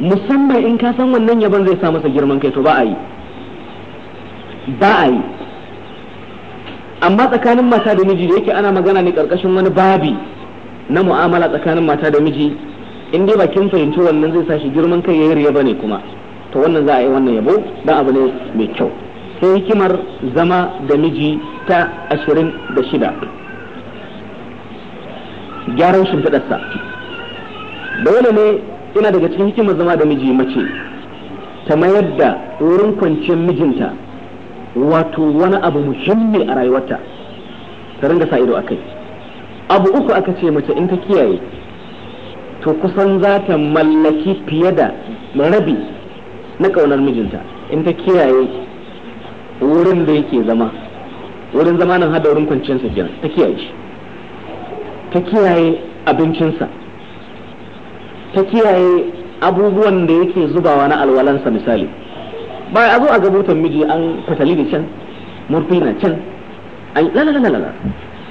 musamman in ka san wannan yaban zai sa masa girman kai to ba a yi ba a yi amma tsakanin mata da miji da yake ana magana ne karkashin wani babi na mu'amala tsakanin mata da miji in dai bakin fahimci wannan zai sa shi girman kai yayin yaba ne kuma to wannan za a yi wannan yabo dan abu ne mai kyau sai hikimar zama da miji ta ashirin da shida gyaran shimfiɗarsa dole ne ina daga cikin hikimar zama da miji mace ta mayar da wurin kwanciyar mijinta wato wani abu muhimmi a rayuwarta ta ringa sa ido a kai abu uku aka ce mace in ta kiyaye to kusan za ta mallaki fiye da rabi na ƙaunar mijinta in ta kiyaye wurin da yake zama wurin zama nan hada wurin kwanciyarsa kenan ta kiyaye ta kiyaye abincinsa ta kiyaye abubuwan da yake zubawa na alwalansa misali ba a zo a gabutan miji an fatali da can murfi na can an lalala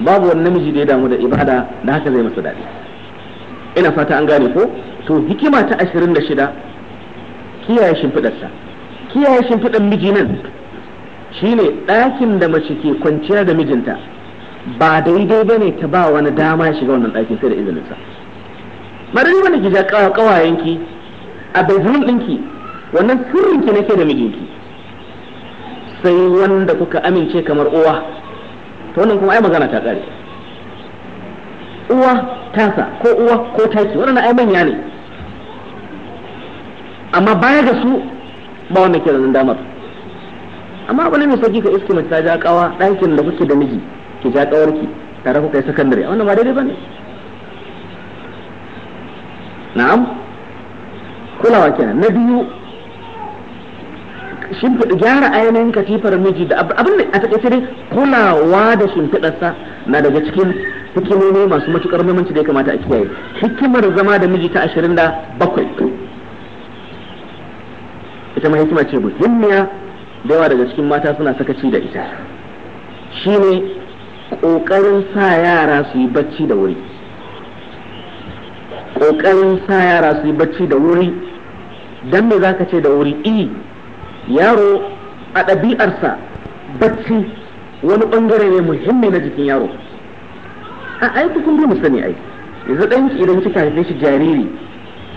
babu wani namiji da ya damu da ibada da haka zai masa daɗi ina fata an gane ko to hikima ta ashirin da shida kiyaye shimfiɗarsa kiyaye shimfiɗar miji nan shine ɗakin da mace ke kwanciya da mijinta ba daidai ba ne ta ba wani dama shiga wannan ɗakin sai da izininsa bari ni wanda ki ja kawayenki a bedroom ɗinki wannan sirrinki nake da mijinki sai wanda kuka amince kamar uwa to wannan kuma ai magana ta kare uwa tasa ko uwa ko taki wannan ai manya ne amma baya ga su ba wanda ke da damar amma abu ne mai sauki ka iske ta ja kawa ɗakin da kuke da miji ki ja kawarki tare kuka yi sakandare wannan ba daidai ba ne na'am kulawa kenan na biyu shimfiɗa gyara ainihin katifar miji da abin da a takaice dai kulawa da shimfiɗarsa na daga cikin hikimomi masu matukar muhimmanci da ya kamata a kiyaye hikimar zama da miji ta ashirin da bakwai ita ma hikima ce muhimmiya da yawa daga cikin mata suna sakaci da ita shine ƙoƙarin sa yara su yi bacci da wuri ƙoƙarin sa yara su yi bacci da wuri don me za ka ce da wuri i yaro a ɗabi'arsa bacci wani ɓangare ne muhimmi na jikin yaro a aiki kun mu sani ai yanzu ɗan idan kika haife shi jariri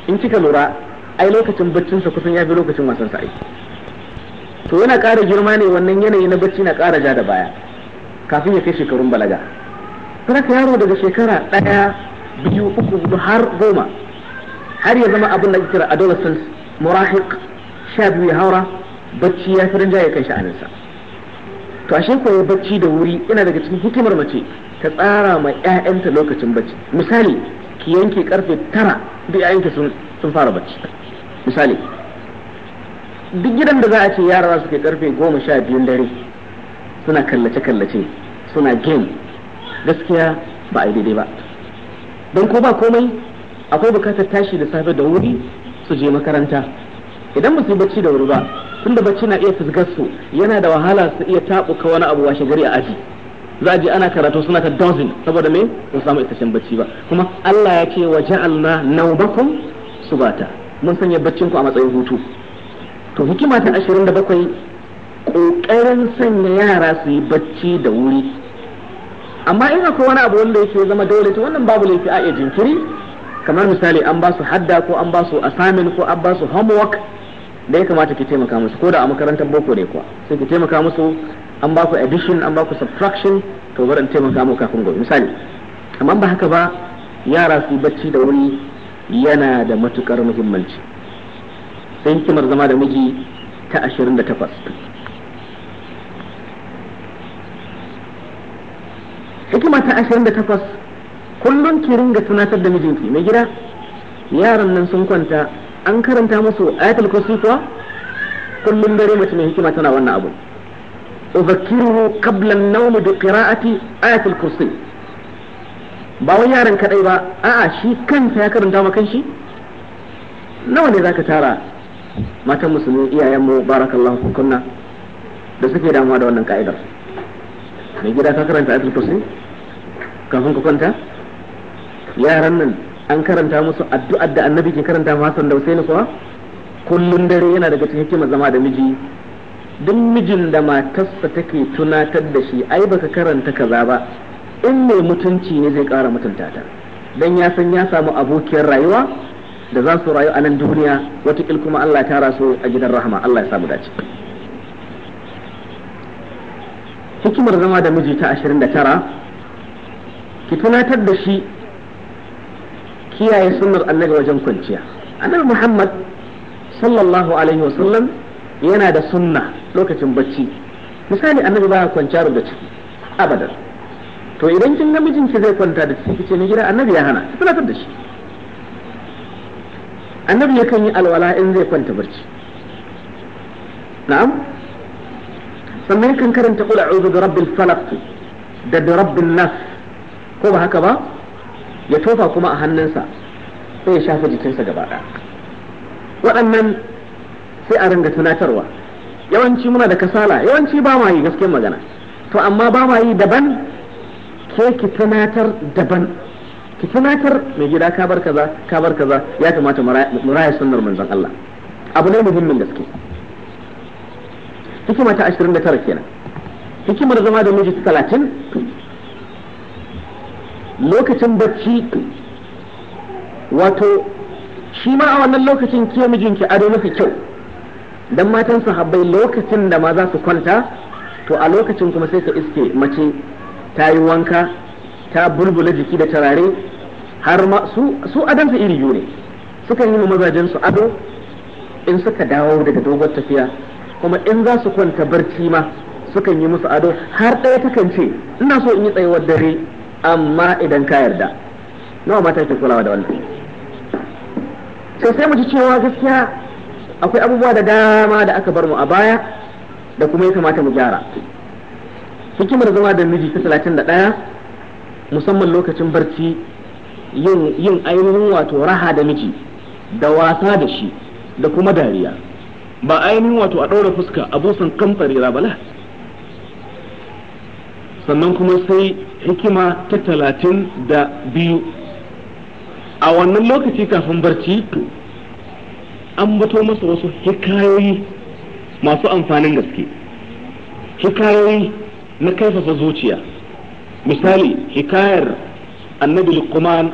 in kika lura ai lokacin baccinsa kusan ya fi lokacin wasansa ai to yana ƙara girma ne wannan yanayi na bacci na ƙara ja da baya kafin ya kai shekarun balaga. Saraka yaro daga shekara ɗaya biyu uku hudu har goma har ya zama abin da ake kira adolescent murahiq sha biyu ya haura bacci ya fi rinjaye kan sha'aninsa to ashe ko ya bacci da wuri ina daga cikin hikimar mace ta tsara ma 'ya'yanta lokacin bacci misali ki yanke karfe tara da 'ya'yanki sun fara bacci misali duk gidan da za a ce yara su ke karfe goma sha biyun dare suna kallace-kallace suna game gaskiya ba a yi daidai ba don ko ba komai akwai bukatar tashi da safe da wuri su je makaranta idan ba su yi bacci da wuri ba tun da bacci na iya fisgar su yana da wahala su iya tabuka wani abu washe gari a aji za a je ana karatu suna ta dozin saboda me ba samu isasshen bacci ba kuma Allah ya ce wa ja'alna nawbakum subata mun sanya baccin ku a matsayin hutu to hikima ta 27 ƙoƙarin sanya yara su yi bacci da wuri amma in akwai wani abu wanda yake zama dole to wannan babu laifi a iya jinkiri kamar misali an ba su hadda ko an ba su assignment ko an ba su homework da ya kamata ki taimaka musu ko da a makarantar boko ne kuwa sai ki taimaka musu an ba ku addition an ba ku subtraction to bari taimaka muku kafin gobe misali amma ba haka ba yara su bacci da wuri yana da matukar muhimmanci sai kimar zama da miji ta 28 hikima ta ashirin da takwas kullum ki ringa tunatar da mijinki mai gida yaran nan sun kwanta an karanta musu ayatul kursi kuwa kullum dare mace mai hikima tana wannan abu uzakiruhu qabla an bi qira'ati ayatul kursi ba wani yaran kadai ba a'a shi kansa ya karanta ma kanshi nawa ne zaka tara matan musulmi iyayen mu barakallahu kunna da suke damuwa da wannan ka'idar mai gida ka karanta ayatul kursi kafin ka kwanta yaran nan an karanta musu addu'a da annabi ke karanta ma Hassan da kuwa kullun dare yana daga cikin hikimar zama da miji duk mijin da matarsa take tunatar da shi ai baka karanta kaza ba in mai mutunci ne zai kara mutunta ta dan ya san ya samu abokiyar rayuwa da za su rayu a nan duniya wata kuma Allah ta rasu a gidan rahama Allah ya samu dace hikimar zama da miji ta ashirin da tara ki tunatar da shi kiyaye sunnar annabi wajen kwanciya annabi muhammad sallallahu alaihi wasallam yana da sunna lokacin bacci misali annabi baya kwanciya da ciki abadan to idan kin namijin ki zai kwanta da ciki ce ni gida annabi ya hana ki tunatar da shi annabi ya kan yi alwala in zai kwanta barci na'am sannan yakan karanta kula a'udhu bi rabbil falaq da bi rabbin nas ko ba haka ba ya tofa kuma a hannunsa sai ya shafa jikinsa gaba ɗaya waɗannan sai a ringa tunatarwa yawanci muna da kasala yawanci ba ma yi gaskiyar magana to amma ba ma yi daban ke ki tunatar daban ki tunatar mai gida ka bar kaza ka bar kaza ya kamata mu raya sunnar manzon Allah abu ne muhimmin gaske hikima ta 29 kenan hikimar zama da miji ta 30 lokacin bacci wato shi ma a wannan lokacin ke mijinki ado maka kyau dan matan sahabbai lokacin da ma za su kwanta to a lokacin kuma sai ka iske mace ta yi wanka ta bulbula jiki da tarare har ma su su adansa iri biyu ne sukan yi mazajen su ado in suka dawo daga dogon tafiya kuma in za su kwanta barci ma sukan yi musu ado har ɗaya takan ce ina so in yi tsayuwar dare amma idan ka yarda nawa mata ke kulawa da wannan sai sai mu ji cewa gaskiya akwai abubuwa da dama da aka bar mu a baya da kuma ya kamata mu gyara hikimar zama da miji ta talatin da ɗaya musamman lokacin barci yin ainihin wato raha da miji da wasa da shi da kuma dariya ba ainihin wato a ɗaura fuska a busan kamtsarira bala sannan kuma sai hikima ta talatin da biyu a wannan lokaci kafin barci an bato masa wasu hikayoyi masu amfanin gaske hikayoyi na kaifafa zuciya misali hikayar annabi lukman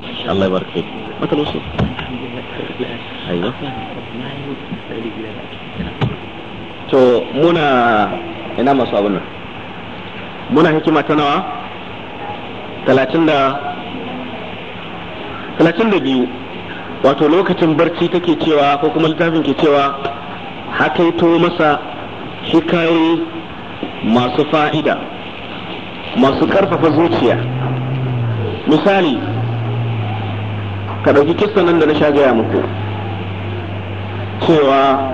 خير الله يبارك فيك متى الوصول ايوه to muna ina masu abin nan muna hikima ta nawa talatin da talatin da biyu wato lokacin barci take cewa ko kuma littafin ke cewa haka hakaito masa hikayoyi masu fa'ida masu ƙarfafa zuciya misali ka ɗauki kissan nan da na sha gaya muku cewa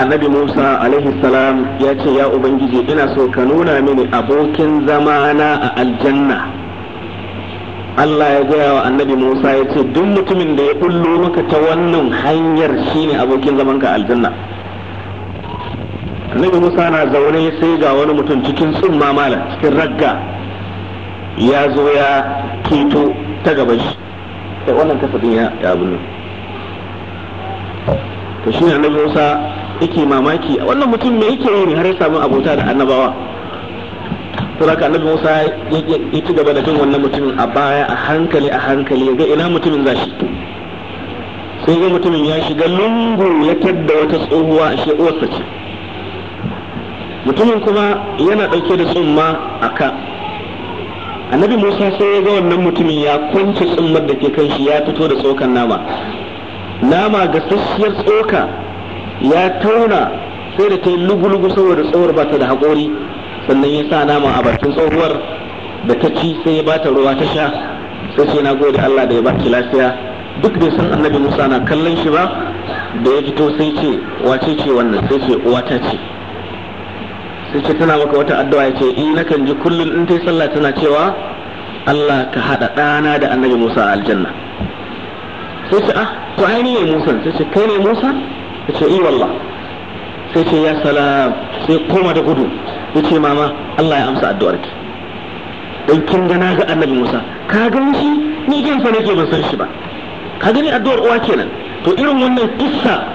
annabi musa alaihi salam ya ce ya ubangiji ina so ka nuna mini abokin zamana a aljanna Allah ya gaya wa annabi Musa ya ce duk mutumin da ya bullo maka ta wannan hanyar shine abokin zamanka aljanna annabi Musa na zaune sai ga wani mutum cikin tsumma mala cikin ragga ya zo ya keto ta gaban shi kai wannan kasafin ya abin nan to shine annabi Musa yake mamaki wannan mutum me yake yi har ya samu abota da annabawa to haka annabi Musa ya ci gaba da bin wannan mutumin a baya a hankali a hankali ga ina mutumin za shi, sai ga mutumin ya shiga lungu ya tadda wata tsohuwa a shi ce mutumin kuma yana ɗauke da tsumma a ka annabi musa sai ya ga wannan mutumin ya kwanci tsimmar da ke kanshi ya fito da tsokan nama nama ga sasshiyar tsoka ya tauna sai da ta yi lugu saboda tsohuwar ba ta da haƙori sannan ya sa nama a bakin tsohuwar da ta ci sai ya bata ruwa ta sha sai ce na gode Allah da ya ki lafiya duk bai san annabi Musa na kallon shi ba da ya fito sai ce wace ce wannan sai ce uwata ce sai ce tana maka wata addu'a ya ce na kan ji kullum in ta yi sallah tana cewa Allah ka haɗa ɗana da annabi Musa a aljanna sai ce ah to ai ne Musa sai ce kai ne Musa ya ce iya wallah sai ce ya salam sai koma da gudu ya ce mama Allah ya amsa Addu'ar ki. dan kin ga na ga annabi Musa ka gani shi ni jin fa nake ban san shi ba ka gani addu'ar uwa kenan to irin wannan kissa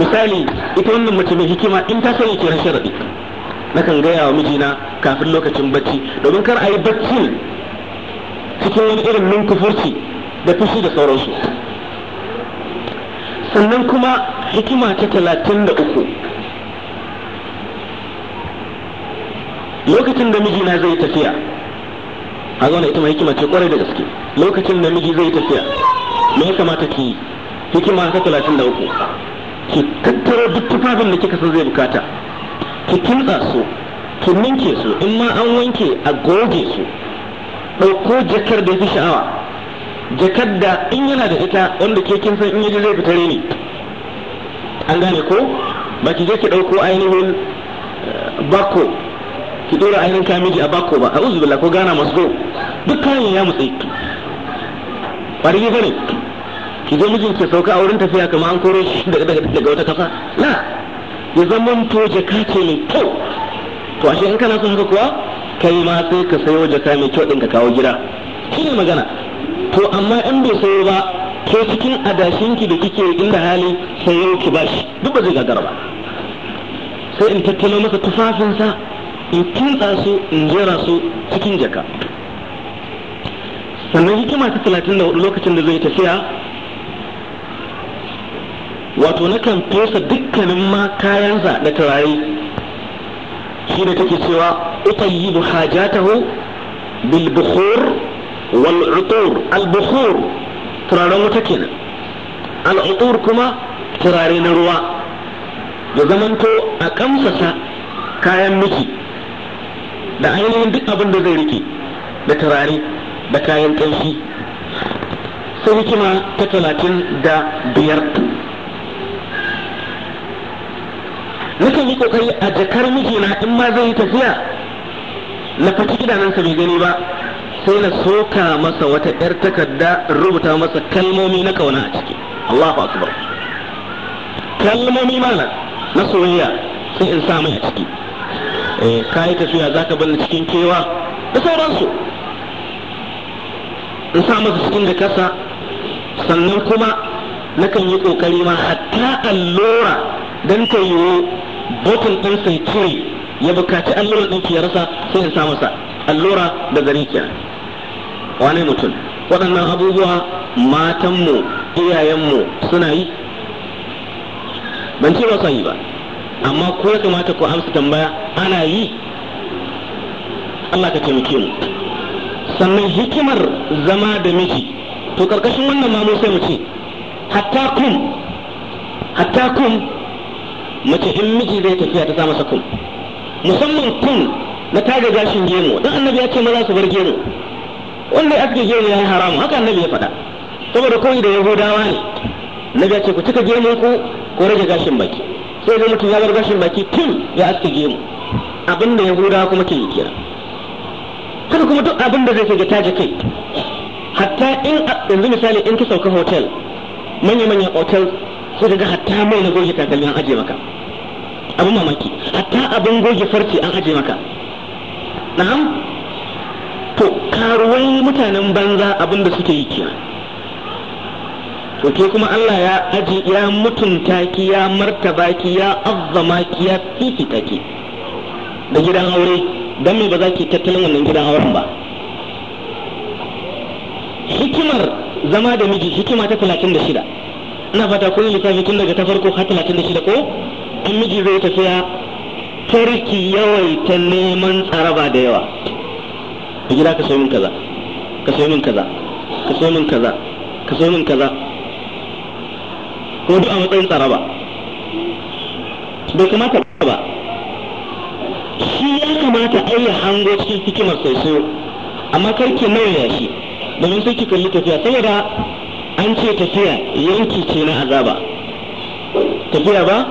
misali ita wannan mace mai hikima in ta sani rashin sharadi nakan gaya wa mijina kafin lokacin bacci domin kar a yi bacci cikin wani irin ninkufurci da fushi da sauransu sannan kuma hikima ta talatin da uku lokacin da mijina zai tafiya a zauna ita ma hikima ce kwarai da gaske lokacin da miji zai tafiya me ya kamata ki hikima ta talatin da uku ki tattara duk tufafin da kika san zai bukata ki kimtsa su ki ninke su in ma an wanke a goge su ɗauko jakar da fi sha'awa jakar da in yana da ita wanda ke kin san in yaji zai fita ne an gane ko ba ki je ki ɗauko ainihin eh, bako ki ɗora ainihin kamiji a bako ba a bala ko gana masu duk kayan ya mutsi ƙwarigi fa ne ki zo mijin ke sauka a wurin tafiya kamar an kore shi daga wata kasa na ya zama to jaka ce mai kyau to ashe in kana son haka kuwa kai ma sai ka sayo jaka mai kyau din ka kawo gida shi ne magana to amma in bai sayo ba ke cikin adashinki da kike inda hali sayo ki bashi duk ba zai gagara ba sai in tattalo masa tufafinsa in kintsa su in jera su cikin jaka sannan hikima ta talatin da hudu lokacin da zai tafiya wato nakan fesa dukkanin ma kayansa da turare shi da take cewa utayyibu hajatahu bil bukhur wal utur al bukhur turaren wuta kenan al utur kuma turare na ruwa ya zamanto a kamsasa kayan miki da ainihin duk abin da zai rike da turare da kayan ƙanshi sai hikima ta talatin da biyar nakan yi kokari a jakar mijina in ma zai yi tafiya na faki gidanansa bai gani ba sai na soka masa wata yar takarda rubuta masa kalmomi na kauna a ciki Allahu akbar kalmomi malam na soyayya sai in sa mai a ciki eh kai tafiya zaka bar cikin kewa da sauransu in sa masa cikin da kasa sannan kuma nakan yi kokari ma hatta allura dan ta yiwu botin ɗin sai cire ya bukaci allurar ɗin ya rasa sai ya samu sa allura da gari ke wane mutum waɗannan abubuwa matanmu iyayenmu suna yi ban ce ba yi ba amma ko ya kamata ku amsa tambaya ana yi Allah ka taimake mu sannan hikimar zama da miji to ƙarƙashin wannan mamu sai mu ce hatta kun hatta kun mace in miji zai tafiya ta sa masa kun musamman kun na taga gashin gemu dan annabi ya ce maza su bar gemu wanda ya aske gemu ya yi haramu haka annabi ya faɗa saboda kawai da yahudawa ne annabi ya ce ku cika gemu ku ko rage gashin baki sai ga mutum ya bar gashin baki tun ya aske gemu abin da yahudawa kuma ke yi kira haka kuma duk abin da zai ce ga taje kai hatta in yanzu misali in ki sauka hotel manya-manyan hotel sai ga hatta mai na goge takalmi an aje maka abin mamaki hatta abin goge farce an aje maka na'am to karuwai mutanen banza abin da suke yi kenan to ke kuma Allah ya aji ya mutunta ki ya martaba ki ya azzama ki ya fifita ki da gidan aure dan me ba za ki tattalin wannan gidan auren ba hikimar zama da miji hikima ta 36 ina fata kun lissafi tun daga ta farko har talatin da shida ko in miji zai tafiya yawai yawaita neman tsaraba da yawa a gida ka so min kaza ka so min kaza ka so min kaza ka so min kaza ko duk a matsayin tsaraba bai kamata ba shi ya kamata a yi hango cikin hikimar sai amma karki ya shi domin sai ki kalli tafiya saboda an ce tafiya yanki ce na azaba tafiya ba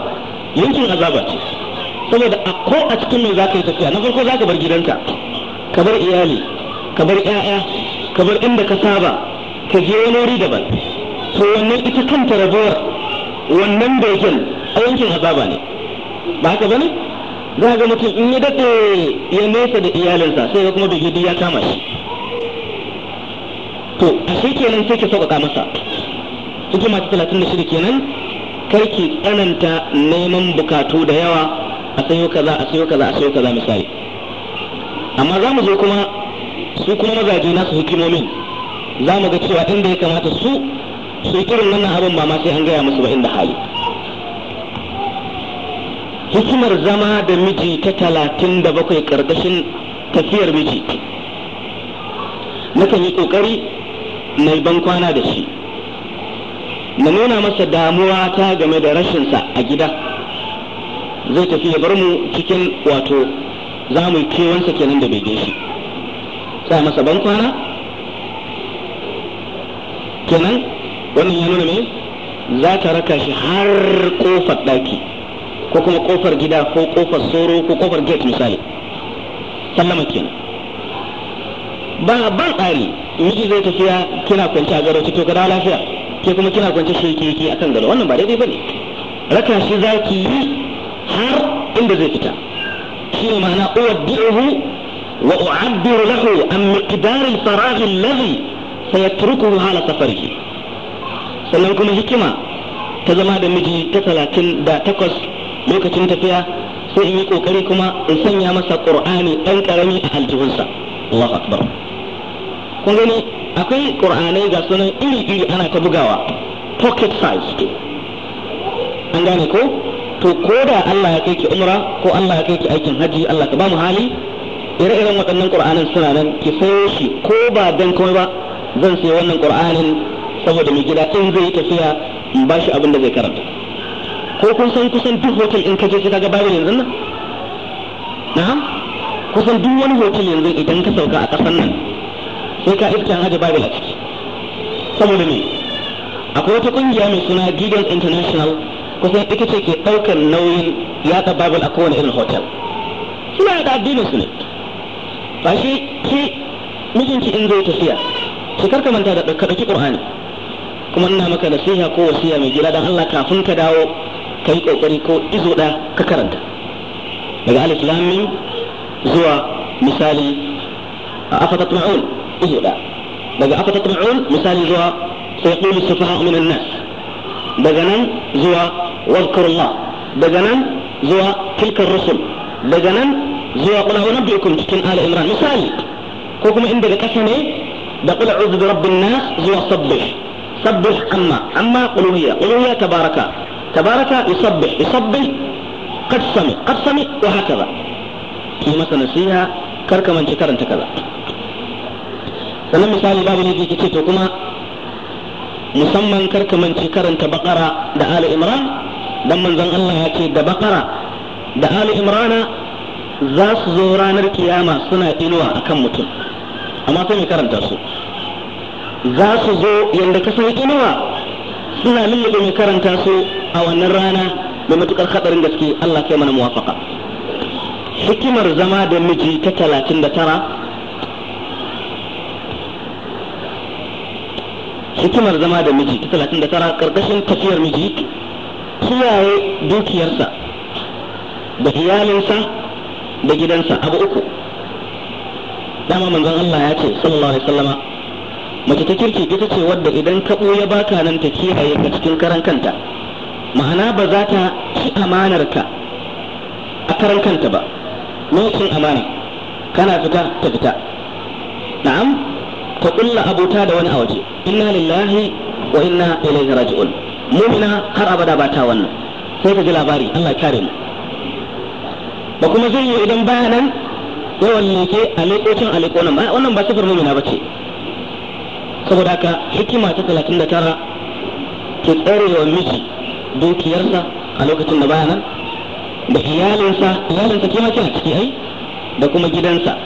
yankin azaba ce saboda a ko a cikin mai za ka yi tafiya na farko za ka bar gidanka ka bar iyali ka bar 'ya'ya ka bar inda ka saba ka je wani wuri daban to wannan ita kanta rabuwar wannan begen a yankin azaba ne ba haka bane za ga mutum in ya daɗe ya nesa da iyalinsa sai ya kuma bege ya kama shi to ashe kenan sai ki sauƙaƙa masa hikima ta talatin da shida kenan kar ki tsananta neman bukatu da yawa a sayo kaza a sayo kaza a sayo kaza misali amma za mu zo kuma su kuma mazaje na nasu hikimomin za mu ga cewa inda ya kamata su su yi irin wannan abin ba ma sai an gaya musu ba inda hali hikimar zama da miji ta talatin da bakwai ƙarƙashin tafiyar miji nakan yi ƙoƙari Na ban kwana da shi na nuna masa damuwa ta game da rashinsa a gida zai tafi ya bar mu cikin wato za mu yi kewansa kenan da bege shi sa masa ban kwana kenan wannan ya nuna me za ta raka shi har kofar ɗaki ko kuma kofar gida ko kofar soro ko kofar gate misali sallama kenan ba ban tsari miji zai tafiya kina kwanci a garo to ga lafiya ke kuma kina kwanci shi yake yake akan gado wannan ba daidai bane raka shi zaki yi har inda zai fita shi ne ma'ana uwaddi'uhu wa u'abbir lahu an miqdar al-faragh alladhi sayatrukuhu hala safarihi sannan kuma hikima ta zama da miji ta talatin da takwas lokacin tafiya sai in yi kokari kuma in sanya masa qur'ani dan karami a aljihunsa Allahu akbar kun gani akwai ƙur'anai ga sunan iri-iri ana ta bugawa pocket size ke an gane ko to ko da Allah ya kai ki umra ko Allah ya kai ki aikin haji Allah ka ba mu hali ire-iren waɗannan ƙur'anan suna nan ki sayo shi ko ba dan komai ba zan sayo wannan ƙur'anin saboda mai gida in zai tafiya in ba shi abin da zai karanta ko kun san kusan duk hotel in ka je sai kaga babu yanzu nan na'am kusan duk wani hotel yanzu idan ka sauka a ƙasar nan sai ka iska aje bible a ciki saboda me akwai wata ƙungiya mai suna Gideon International kusan ita ce ke ɗaukar nauyin yaɗa bible a kowane irin hotel suna da addinin su ne ba shi ki mijinki in zai tafiya ki karka manta da ka ɗauki kuma ina maka nasiha ko wasiya mai gida dan Allah kafin ka dawo ka yi kokari ko izo da ka karanta daga alif lam zuwa misali afatatma'un لا بذا أفت تطمعون مثال زوا سيقول السفهاء من الناس بذنا زوا واذكر الله بذنا زوا تلك الرسل بذنا زوا قل هو نبيكم تكن آل إمران مثال كوكم عند كسني بقول أعوذ برب الناس زوا صبح صبح أما أما قلوا هي قلوا هي تبارك تبارك يصبح يصبح قد سمي قد سمي وهكذا في مثلا فيها كركم انتكر انتكذا sannan misali babu ne ke ce to kuma musamman karka mance karanta bakara da ali imran dan manzon Allah ya ce da bakara da ali imrana za su zo ranar kiyama suna inuwa akan mutum amma sai mai karanta su za su zo yadda ka san inuwa suna lullube mai karanta su a wannan rana da matukar hadarin gaske Allah kai mana muwafaka hikimar zama da miji ta talatin da tara hikimar zama da miji ta talatin da tara karkashin tafiyar miji kiyaye dukiyarsa da iyalinsa da gidansa abu uku dama manzon Allah ya ce sallallahu alaihi wasallama mace ta kirki ita ce wadda idan kaɓo ya baka nan ta kiyaye ka cikin karan kanta ma'ana ba za ta ci amanar ka a karan kanta ba lokacin amana kana fita ta fita na'am ka kulla abota da wani a waje inna lillahi wa inna ilaihi raji'un mu'mina har abada ba ta wannan sai ka ji labari Allah kare mu ba kuma zai yi idan baya nan yawan leke a lekocin a ba wannan ba sifar mu'mina ba ce saboda haka hikima ta talatin da tara ke wa miji dukiyarsa a lokacin da baya nan da iyalinsa iyalinsa kima kina ciki ai da kuma gidansa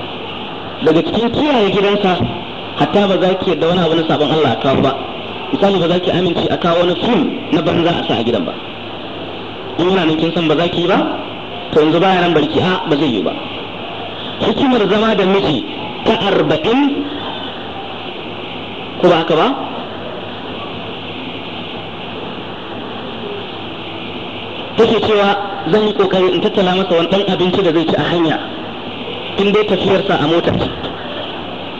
daga cikin kiyaye gidansa hatta ba za ki yarda wani abu na sabon Allah a kawo ba misali ba za ki amince a kawo wani fim na banza a sa a gidan ba in yana nan kin san ba za ki yi ba to yanzu baya nan barki a ba zai yi ba hikimar zama da miji ta arba'in ko ba haka ba take cewa zan yi kokari in tattala masa wani dan abinci da zai ci a hanya in dai tafiyarsa a mota ce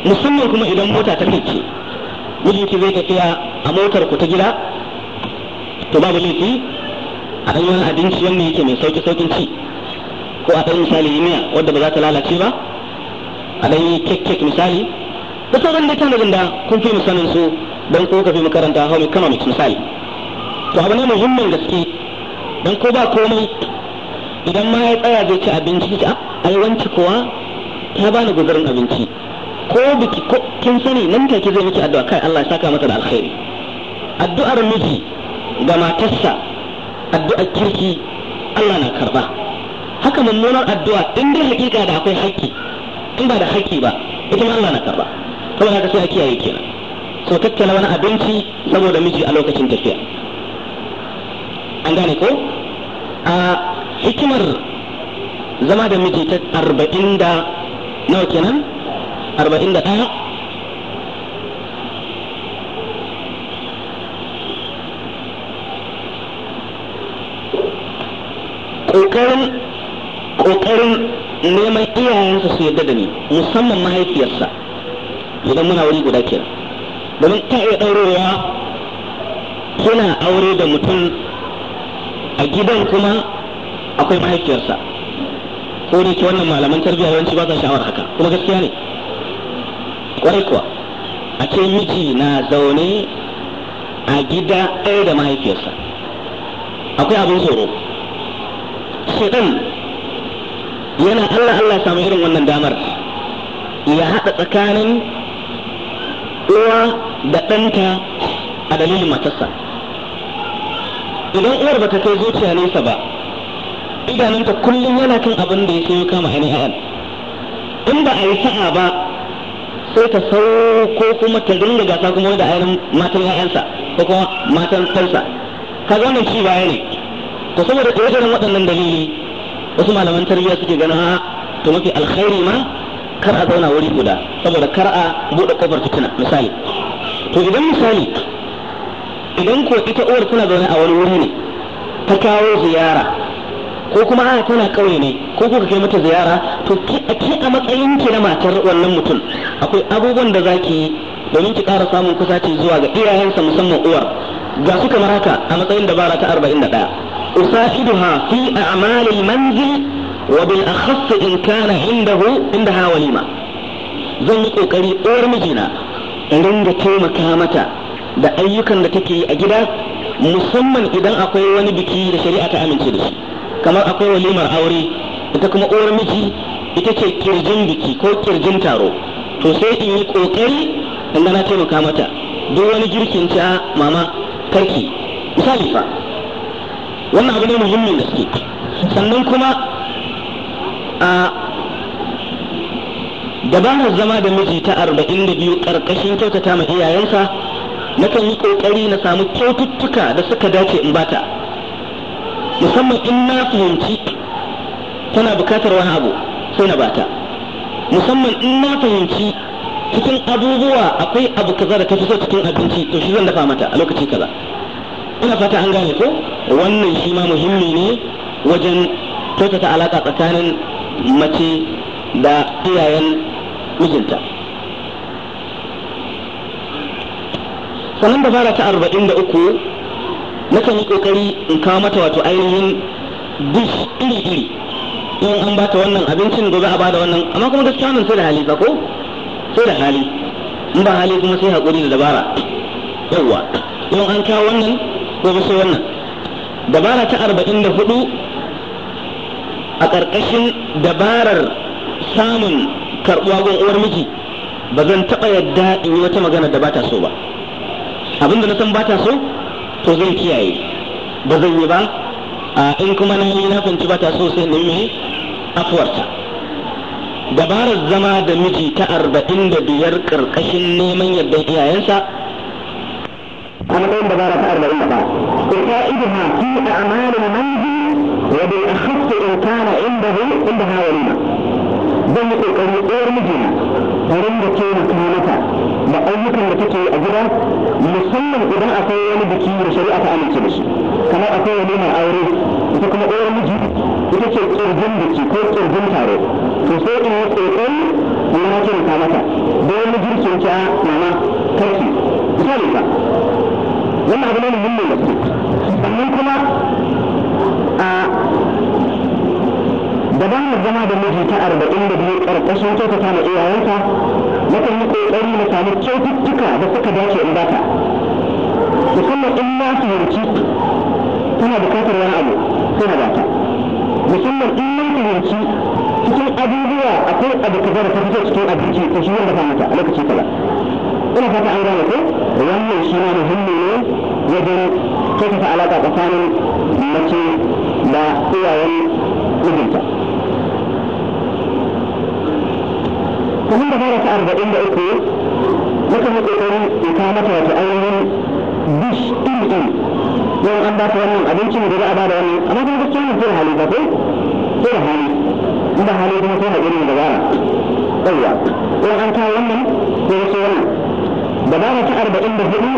musamman kuma idan mota ta fice mijinki zai tafiya a motar ku ta gida to babu laifi a ɗan wani abinci wanda yake mai sauki saukin ci ko a ɗan misali miya wadda ba za ta lalace ba a ɗan yi kek kek misali da sauran da tana da kun fi misalin su don ko ka fi makaranta hau mai kama misali to abu ne muhimmin gaske don ko ba komai idan ma ya tsaya zai ci abinci ta ah, ai wanci kuwa ta bani guzarin abinci ko biki ko kin sani nan take zai miki addu'a kai Allah ya saka mata da alkhairi addu'ar miji ga matarsa addu'ar kirki Allah na karba haka mummunar addu'a in dai hakika da akwai haƙƙi in ba da haƙƙi ba ita ma Allah na karba kuma haka sai a kiyaye kenan so tattala wani abinci saboda miji a lokacin tafiya an gane ko a hikimar zama da miji ta arba'in da nawa kenan arba'in da ɗaya ƙoƙarin ƙoƙarin neman iyayensa su yadda da ni musamman mahaifiyarsa idan muna wuri guda ke domin ta iya ɗaurowa kina aure da mutum a gidan kuma akwai mahaifiyarsa ko ne ke wannan malaman tarbiyya yawanci ba sa sha'awar haka kuma gaskiya ne kwarai kuwa a ce miji na zaune a gida ɗaya da mahaifiyarsa akwai abin tsoro shedan yana allah allah samu irin wannan damar ya haɗa tsakanin uwa da ɗanta a dalilin matarsa idan uwar ba ta kai zuciya nesa ba idanunta kullum yana kan abin da ya sayo kama ainihin in ba a yi sa'a ba sai ta sauko kuma ta dinga gasa kuma da ayyan matan ƴaƴansa ko kuma matan kansa kaga wannan ci baya ne to saboda irin iren waɗannan dalili wasu malaman tarbiyya suke ganin ha to mafi alkhairi ma kar a zauna wuri guda saboda kar a buɗe kofar fitina misali to idan misali idan ko ita uwar tana zaune a wani wuri ne ta kawo ziyara ko kuma a tana kauye ne ko kuka kai mata ziyara to ke a matsayin ki na matar wannan mutum akwai abubuwan da zaki yi domin ki ƙara samun kusaci zuwa ga iyayensa musamman uwar ga su kamar haka a matsayin da bara ta 41 usahiduha fi a'mali manzil wa bil akhas in kana indahu indaha walima zan yi kokari uwar mijina in ringa taimaka mata da ayyukan da take yi a gida musamman idan akwai wani biki da shari'a ta amince da shi kamar akwai walimar aure ita kuma uwar miji ita ce kirjin biki ko kirjin taro to sai in yi kokari in na taimaka mata duk wani girkin ta mama karki misali fa wannan abu ne muhimmin gaske sannan kuma a dabarar zama da miji ta arba'in da biyu ƙarƙashin kyautata ma iyayensa nakan yi ƙoƙari na samu kyaututtuka da suka dace in bata musamman in na fahimci tana bukatar wani abu sai na bata musamman in na fahimci cikin abubuwa akwai abu kaza da ta fi so cikin abinci to shi zan dafa mata a lokaci kaza ina fata an gane ko wannan shi ma muhimmi ne wajen kyautata alaka tsakanin mace da iyayen mijinta sannan fara ta arba'in da uku nakan yi kokari in kawo mata wato ainihin bus iri iri in an bata wannan abincin gobe a bada wannan amma kuma gaskiya nan sai da hali ko sai da hali in ba hali kuma sai hakuri da dabara yawa in an kawo wannan gobe sai wannan dabara ta arba'in da hudu a ƙarƙashin dabarar samun karɓuwa gon uwar miji ba zan taɓa yadda in yi wata magana da bata so ba abinda na san bata so to zan kiyaye ba zan yi ba in kuma na yi na fahimci ba ta so sai na yi afuwarta dabarar zama da miji ta arba'in da biyar karkashin neman yadda iyayensa أنا بين بدارة أربعين سنة وفائدها في أعمال المنزل وبالأخص إن كان عنده عندها وليمة ذلك القول غير مدينة rin da taimaka mata da ayyukan da take a gida musamman idan akwai wani biki da shari'a ta amince da shi kamar akwai mai aure ita kuma ɗaya miji ita ce kirgin biki ko kirgin tare to sai in yi tsotsoni in na kamata mata bayan mijirkin ki a mama karki ne ba wannan abu ne muhimmin gaske sannan kuma a da ba mu zama da miji ta arba'in da biyu ƙarƙashin kyautata na iyayenka na kan yi ƙoƙari na samu kyaututtuka da suka dace in baka musamman in na fahimci tana buƙatar wani abu sai na bata musamman in na fahimci cikin abubuwa akwai abu kaza da ta fito cikin abinci ta shi wanda ta mata a lokaci kaza ina fata an gane ko wannan shi ma muhimmi ne wajen kyautata alaƙa tsakanin mace da iyayen mijinta sannan dabara ta arba'in da uku muka yi ƙoƙarin ita mata wata ainihin dish in in yawan an ba ta wannan abincin da za a ba da wannan amma kuma gaskiya ne sai hali ba ko sai da hali in ba hali kuma sai haƙuri da dabara yawa in an kawo wannan ko wasu wannan dabara ta arba'in da hudu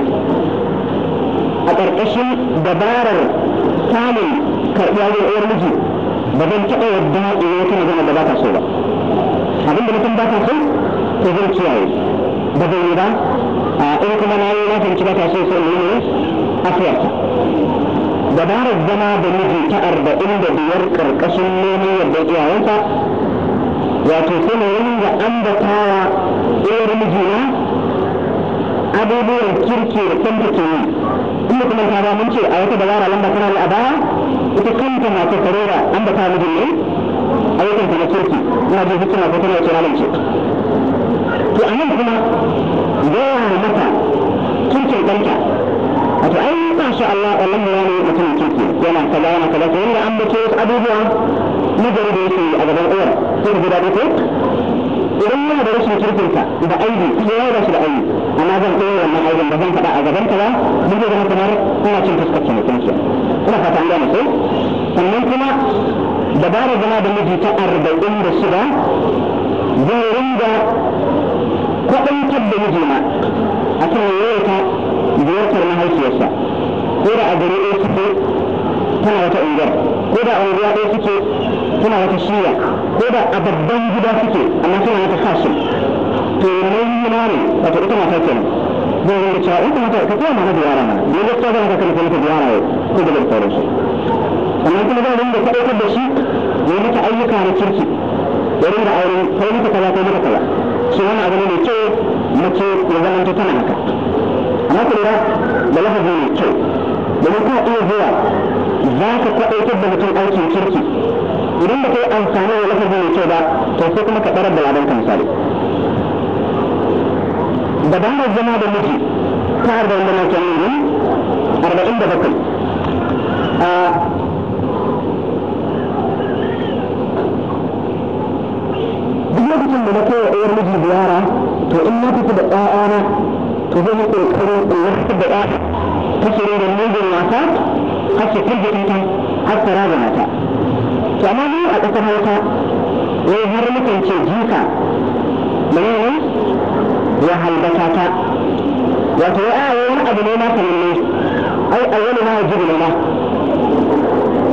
a ƙarƙashin dabarar samun karɓuwa da uwar miji ba zan taɓa yadda in wata magana da ba ta so ba abin da mutum ba ta so to zan kiyaye ba zan yi ba in kuma na yi na fahimci ba ta so sai mu yi afiyarta dabarar zama da miji ta arba'in da biyar karkashin neman yadda iyayensa wato sai kuma yin da ambatawa uwar mijina abubuwan kirki da kanta ke yi kuma kuma ta ba mun ce a wata dabara lamba tana da a baya ita kanta masu sarora an ba ta mijin ne ayyukan ta na kirki ina jin hikima ko tana ce malam ce to a nan kuma gaya mata kirkin ɗanta wato ai masha Allah wannan ya ne mutum kirki yana kaza yana kaza to yanda an bace wasu abubuwa nazari da yake a gaban uwar sai da daɗi ko idan yana da rashin kirkinta da aibi ko ya ba shi da aibi amma zan ɗaya wannan aibin ba zan faɗa a gaban ta ba mun zai zama kamar ina cin fuskar ta mutum suna fata an ko sannan kuma dabara zama da miji ta arba'in da shida zai ringa kwaɗantar da mijina a kan yawaita ziyartar mahaifiyarsa ko da a gari ɗaya suke tana wata unguwar ko da a unguwa ɗaya suke tana wata shiya ko da a babban gida suke amma tana wata fashin to nauyi na ne wato ita mata kenan zai ringa cewa ita mata ka tsaya mana da yara mana ne gaskiya zan ka kalli kalli da yara yau ko da sauransu sannan kuma zan rinda kaɗaukar da shi ya yi mata ayyuka na kirki ya rinda auren kai mata kaza kai mata kaza shi wani abu ne mai kyau mace ya zama ta tana haka amma ku lura da lafazi mai kyau domin kuma iya zuwa za ka kaɗaukar da mutum aikin kirki idan ba ka yi amfani da lafazi mai kyau ba to sai kuma ka ɗarar da ladan ka misali dabarar zama da miji ta da wanda na kyanin arba'in da bakwai duk lokacin da na kai uwar miji ziyara to in na fita da ƴaƴana to zan yi ƙoƙarin in wasu da ƴa take da mugun wasa hake firgita ta har ta razana ta to amma ni a ƙasar hausa wai har mukan ce jika mai ne ya halbata ta wato ya wani abu ne na sananne ai a wani na hajji ne na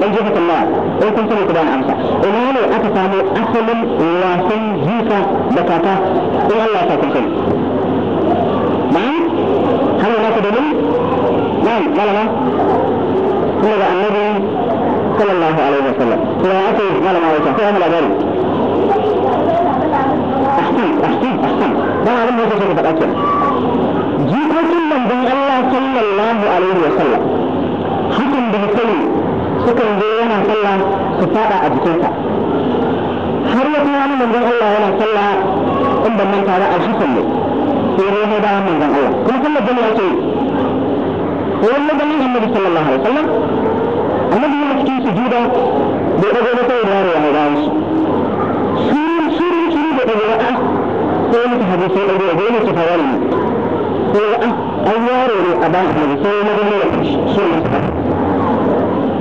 من جهة الله إن كنت مكبان أمسا إنه أتسام أصل واسم جيسا بكاتا إن الله ساكن سن نعم هل هناك دليل؟ نعم لا لا هو النبي صلى الله عليه وسلم لا أتي ما لما يسا هو أمل أدري أحسن أحسن أحسن ما أعلم هذا شيء بالأكل جيكو كلا من الله صلى الله عليه وسلم حكم بالسلم sukan zo yana sallah su fada a jikinsa har kuma rana manzon Allah yana sallah in ban manta ba a shi sallah sai dai ya dawo manzon Allah kuma sallar yake ce wani ganin annabi sallallahu alaihi wasallam annabi yana cikin sujuda bai dago ba sai da ya dawo shi shirin shirin shirin da dago ba sai wani sahabi sai dago ya ne ta fara ne sai ya an yaro ne a ban annabi sai ya dago sai shi ne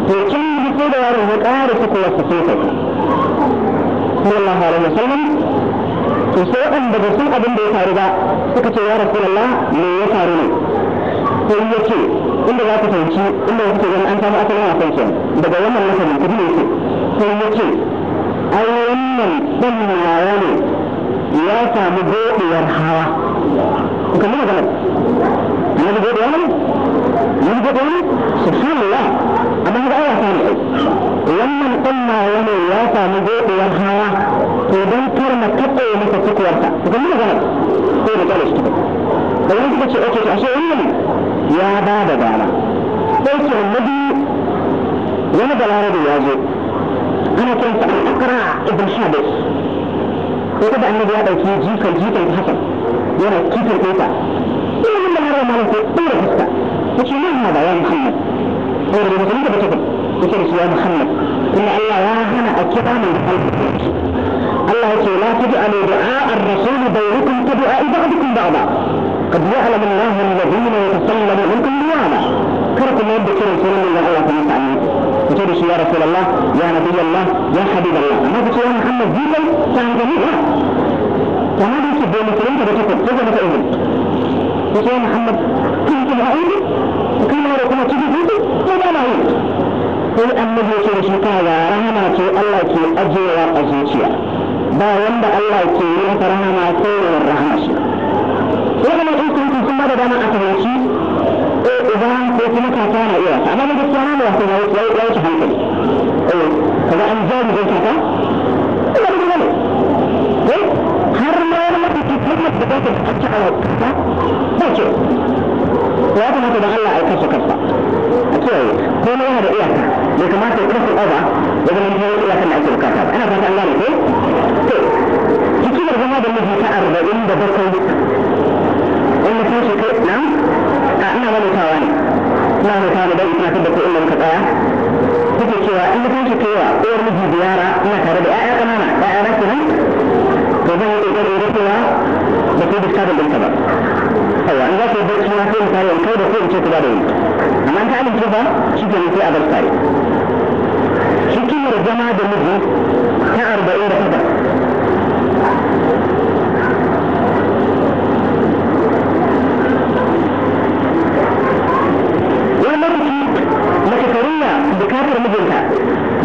kin ji sai da yaron ya ƙara suka wasu sosa sallallahu alaihi wasallam to sai waɗanda ba san abin da ya faru ba suka ce ya rasulullah me ya faru ne sai ya ce inda za ka fahimci inda ya kuke ganin an samu asalin wasan ke daga wannan nasarin kudi ne sai ya ce ai wannan ɗan nawa ne ya samu goɗewar hawa kamar magana yanzu goɗewa ne yanzu goɗewa ne subhanallah amma haka ana samu wannan ɗan nawa ne ya samu goɗewar hawa to don kar na taɓa masa cikuwarsa ga mu magana ko da ƙalar shi da wani suka ce ake ashe wannan ya ba da dama sai ke na biyu wani balarabe ya zo ana kiransa al'akara ibn shabis ko da annabi ya ɗauki jikan jikan hasan yana kifin ɗauka ilimin balarabe malam ko ɗaura fuska ta ce nan ma da ya muhammad غير مسلم بتقول بتقول يا محمد إن الله واهن أكبر من خلقك الله يقول لا تجعلوا دعاء الرسول بينكم كدعاء بعضكم بعضا قد يعلم الله الذين يتسللوا منكم دعاء كرك الله بكر سلم الله الله تنسى عنه بتقول يا رسول الله يا نبي الله يا حبيب الله ما بتقول يا محمد جيبا كان جميعا كما بيقول مسلم بتقول كذا مثلا وجاء محمد كنت أعود وكما ركما تجدد وما نعود هو النبي صلى الله عليه رحمة الله كي أجي وأزوجيا با وند الله كي يترحمة كي ورحمة وأنا أقول ثم بدأ ما أتوجه إيه، إذا كنت كان إياه أنا من الصلاة لا تقول لا لا تحمل فإذا أنزل من كذا لا بدي هل ما يمكن تتحمل بدأت أتحمل kyau ya kamata don Allah a yi kasa kasa a kiyaye ko na yana da iyaka bai kamata ya kasa ƙaba ya zama ta yi iyakan da ake bukata ba ana fata an gane ko to hikimar zama da miji ta arba'in da bakwai in mutum shi kai na a ina manutawa ne ina manutawa ne don ina tabbata ko inda muka tsaya take cewa in mutum shi kai wa uwar miji ziyara ina tare da 'ya'ya ƙanana 'ya'ya na kenan ba zan yi ƙoƙarin rufewa da ke bisa da ɗinka ba saiwa in za ka yi barci na sai in tare in kai da sai in ce ku ba da wuri amma in ka amince ba shi ke sai a bar tare hikimar zama da miji ta arba'in da takwas wani lokaci mace ta rinna bukatar mijinta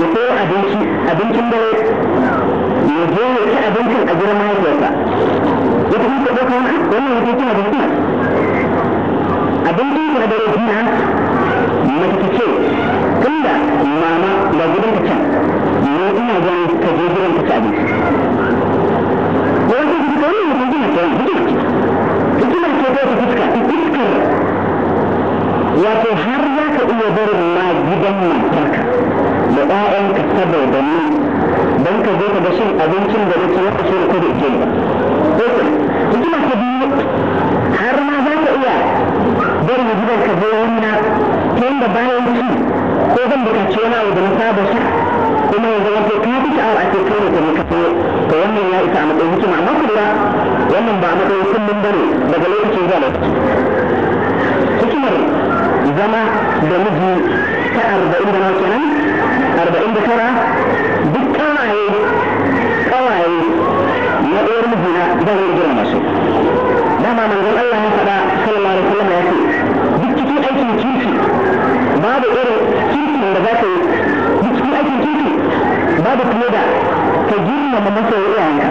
ya sayo abinci abincin dare ya je ya ci abincin a gidan mahaifiyarsa wata in ka ɗauka wannan wata kina da hikima abin da yake da rufina mace ta ce tunda mama da gidan ta can ne ina ganin ka je gidan ta ci abinci wani kuma wannan wata hikima ce hikima ce ta wata fuska iskar wato har za ka iya barin ma gidan matarka da ɗayanka saboda ni don ka zo ka ga shin abincin da nake wata shi ko da ke ba rahoton hikima ta biyu har ma za ka iya bari da gidan ka zai na ta yadda bayan ci ko zan buƙaci wani abu da na saba sha kuma ya zama ko ka fi sha'awar a cikin kai da ka fi to wannan ya isa a matsayin hikima amma kuma wannan ba a matsayin kullum ba ne daga lokacin zuwa lokaci hikimar zama da miji ta arba'in da nawa kenan arba'in da tara duk ƙawaye na ɗayar mijina zan yi girma su dama manzon Allah ya faɗa sallallahu alaihi wasallam ya ce duk cikin aikin kirki babu irin kirkin da za ka yi duk cikin aikin kirki babu kuma da ka girmama masoyi iyayenka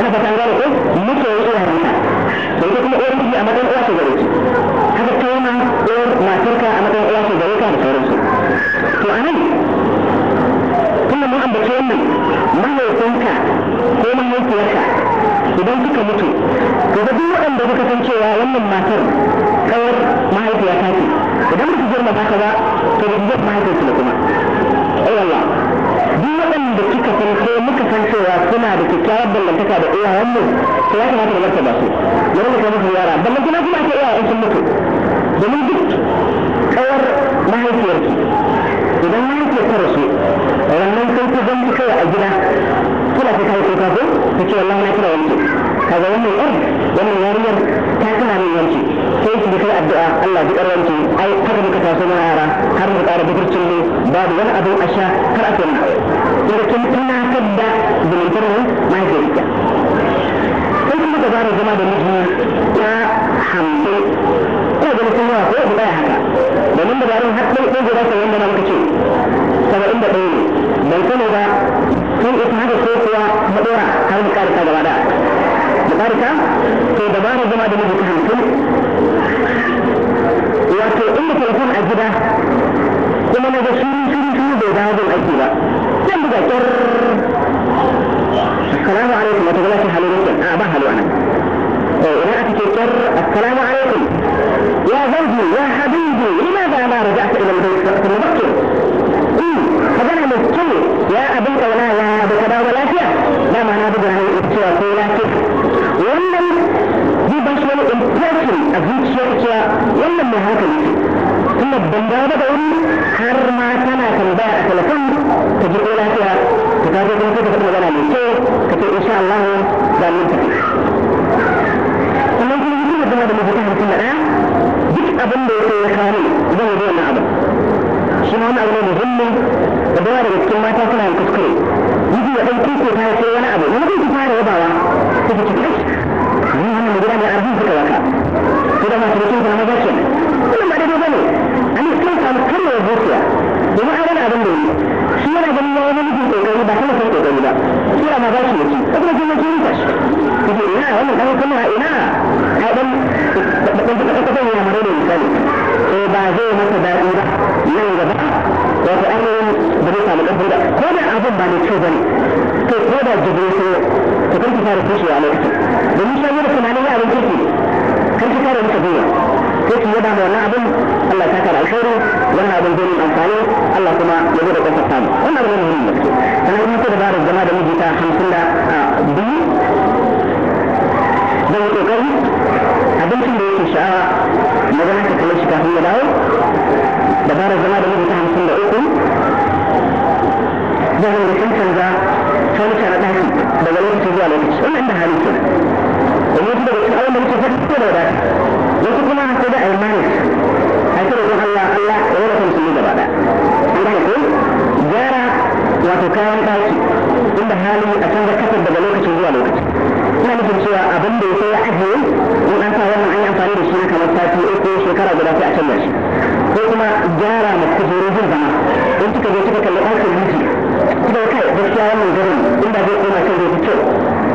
ina fata gane ko masoyi iyayenka da ita kuma ɗayar miji a matsayin uwa ta gare ki haka kai ma ɗayar matarka a matsayin uwa ta gare ka da sauransu to anan kuma mun ambaci wannan mahaifinka ko mahaifiyarka idan kika mutu to da duk wanda suka san cewa wannan matar kawar mahaifiya ta ce idan ba su girma ta ba to ba su girma mahaifinsu ba kuma ayyallah eh, duk wanda kika san ko muka san cewa suna da kyakkyawar dangantaka da mu to ya kamata da martaba su ya rubuta musu yara dangantaka kuma ake iyayen sun mutu domin duk kawar mahaifiyarki idan wani ke ta su wannan kai ku zan kai a gida kira ta kai kuka ko ta ce wallahi na kira wanki kaga wannan yar wannan yarinyar ta kana min wanki sai ki kai addu'a Allah ji wanki ai kada muka taso na yara har mu tsara bukircin ne babu wani abin a sha kar a kai inda kin tunatar da zumuntar mu mahaifiyarka sai kuma ka zama da miji ya hamsin ko da mutum yawa ko ya tsaya haka domin dabarun har ɗan ɗan gudansa yadda na muka ce saba'in da ɗaya ne ban sani ba sun isa haka ko kuwa maɗora har mu ƙarisa gaba da mu ƙarisa to dabarar zama da mijin hamsin wato in da telefon a gida kuma na ga shuru shuru shuru bai dawo zan aiki ba zan buga ƙyar assalamu alaikum wata gala ce halu rikin a ba halu anan idan aka ce ƙyar assalamu alaikum يا زوجي يا حبيبي لماذا ما رجعت إلى البيت وقت مبكر؟ فأنا مسكين يا أبيك ولا يا أبيك ولا لافية لا معنى بدنا هي إبتوى كولاكي ولن دي باش ولا إمبريشن أبيك شركة ولن مهاتي ثم الدنبابة دون har ma tana tambaya a telefon ta ji ko lafiya ta kaje kuma sai ta faɗi magana mai kyau ka ce insha Allah za mu tafi sannan kuma yi da mafita hamsin da ɗaya duk abin da yake ya kare zan zo na abu shi ma wani abu ne muhimmi da dawa daga cikin mata suna yin kuskure miji ya ɗauki ko ta sai wani abu wani zai fara yabawa ta fi cikin ni wannan mai gida ne arzikin suka waka ko da masu rikin zama ba ke kuma ba daidai ba ne an yi cikin samu karya zuciya domin a wani abin da yi shi yana ganin ya yi wani mijin ƙoƙari ba kuma sai ƙoƙari ba shi yana ma ba shi yake saboda jin yake yi suke ina wannan kan kuma ina ai dan bakin ta kasa kan yana mare da misali eh ba zai masa daɗi ba nan gaba wato ainihin da zai samu ƙarfi ba ko da abin ba mai kyau ba ne to ko da jibril sai to kan ki fara kushewa a lokacin domin shagiyar tunanin ya abin kirki kan ki fara masa gwiwa sai ki yaba ma wannan abin Allah ta kara alkhairi wannan abin zai amfani Allah kuma ya zo da kasar samu wannan abin ne muhimmi sannan kuma ta dabarar zama da mijita hamsin da biyu zan yi kokari abincin da yake sha'awa na zama ka kalle shi kafin ya dawo dabarar zama da mutum hamsin da uku zan yi sun canza fahimta na ɗaki daga lokacin zuwa lokaci wannan da hali kenan da su daga cikin abin da muke fata ko da wadata wasu kuma sai da a yi manis a yi roƙon Allah Allah ya wadatar musulmi gaba ɗaya an gane ko gyara wato kayan ɗaki inda hali a canza kasar daga lokacin zuwa lokaci ina nufin cewa abin da ya ya ajiye in an sa wannan an yi amfani da shi na kamar sati uku shekara guda sai a canza shi ko kuma gyara ma kujerojin zama in kika je kika kalli ɗakin miji kika kai gaskiya wannan garin inda zai koma kan zai fi kyau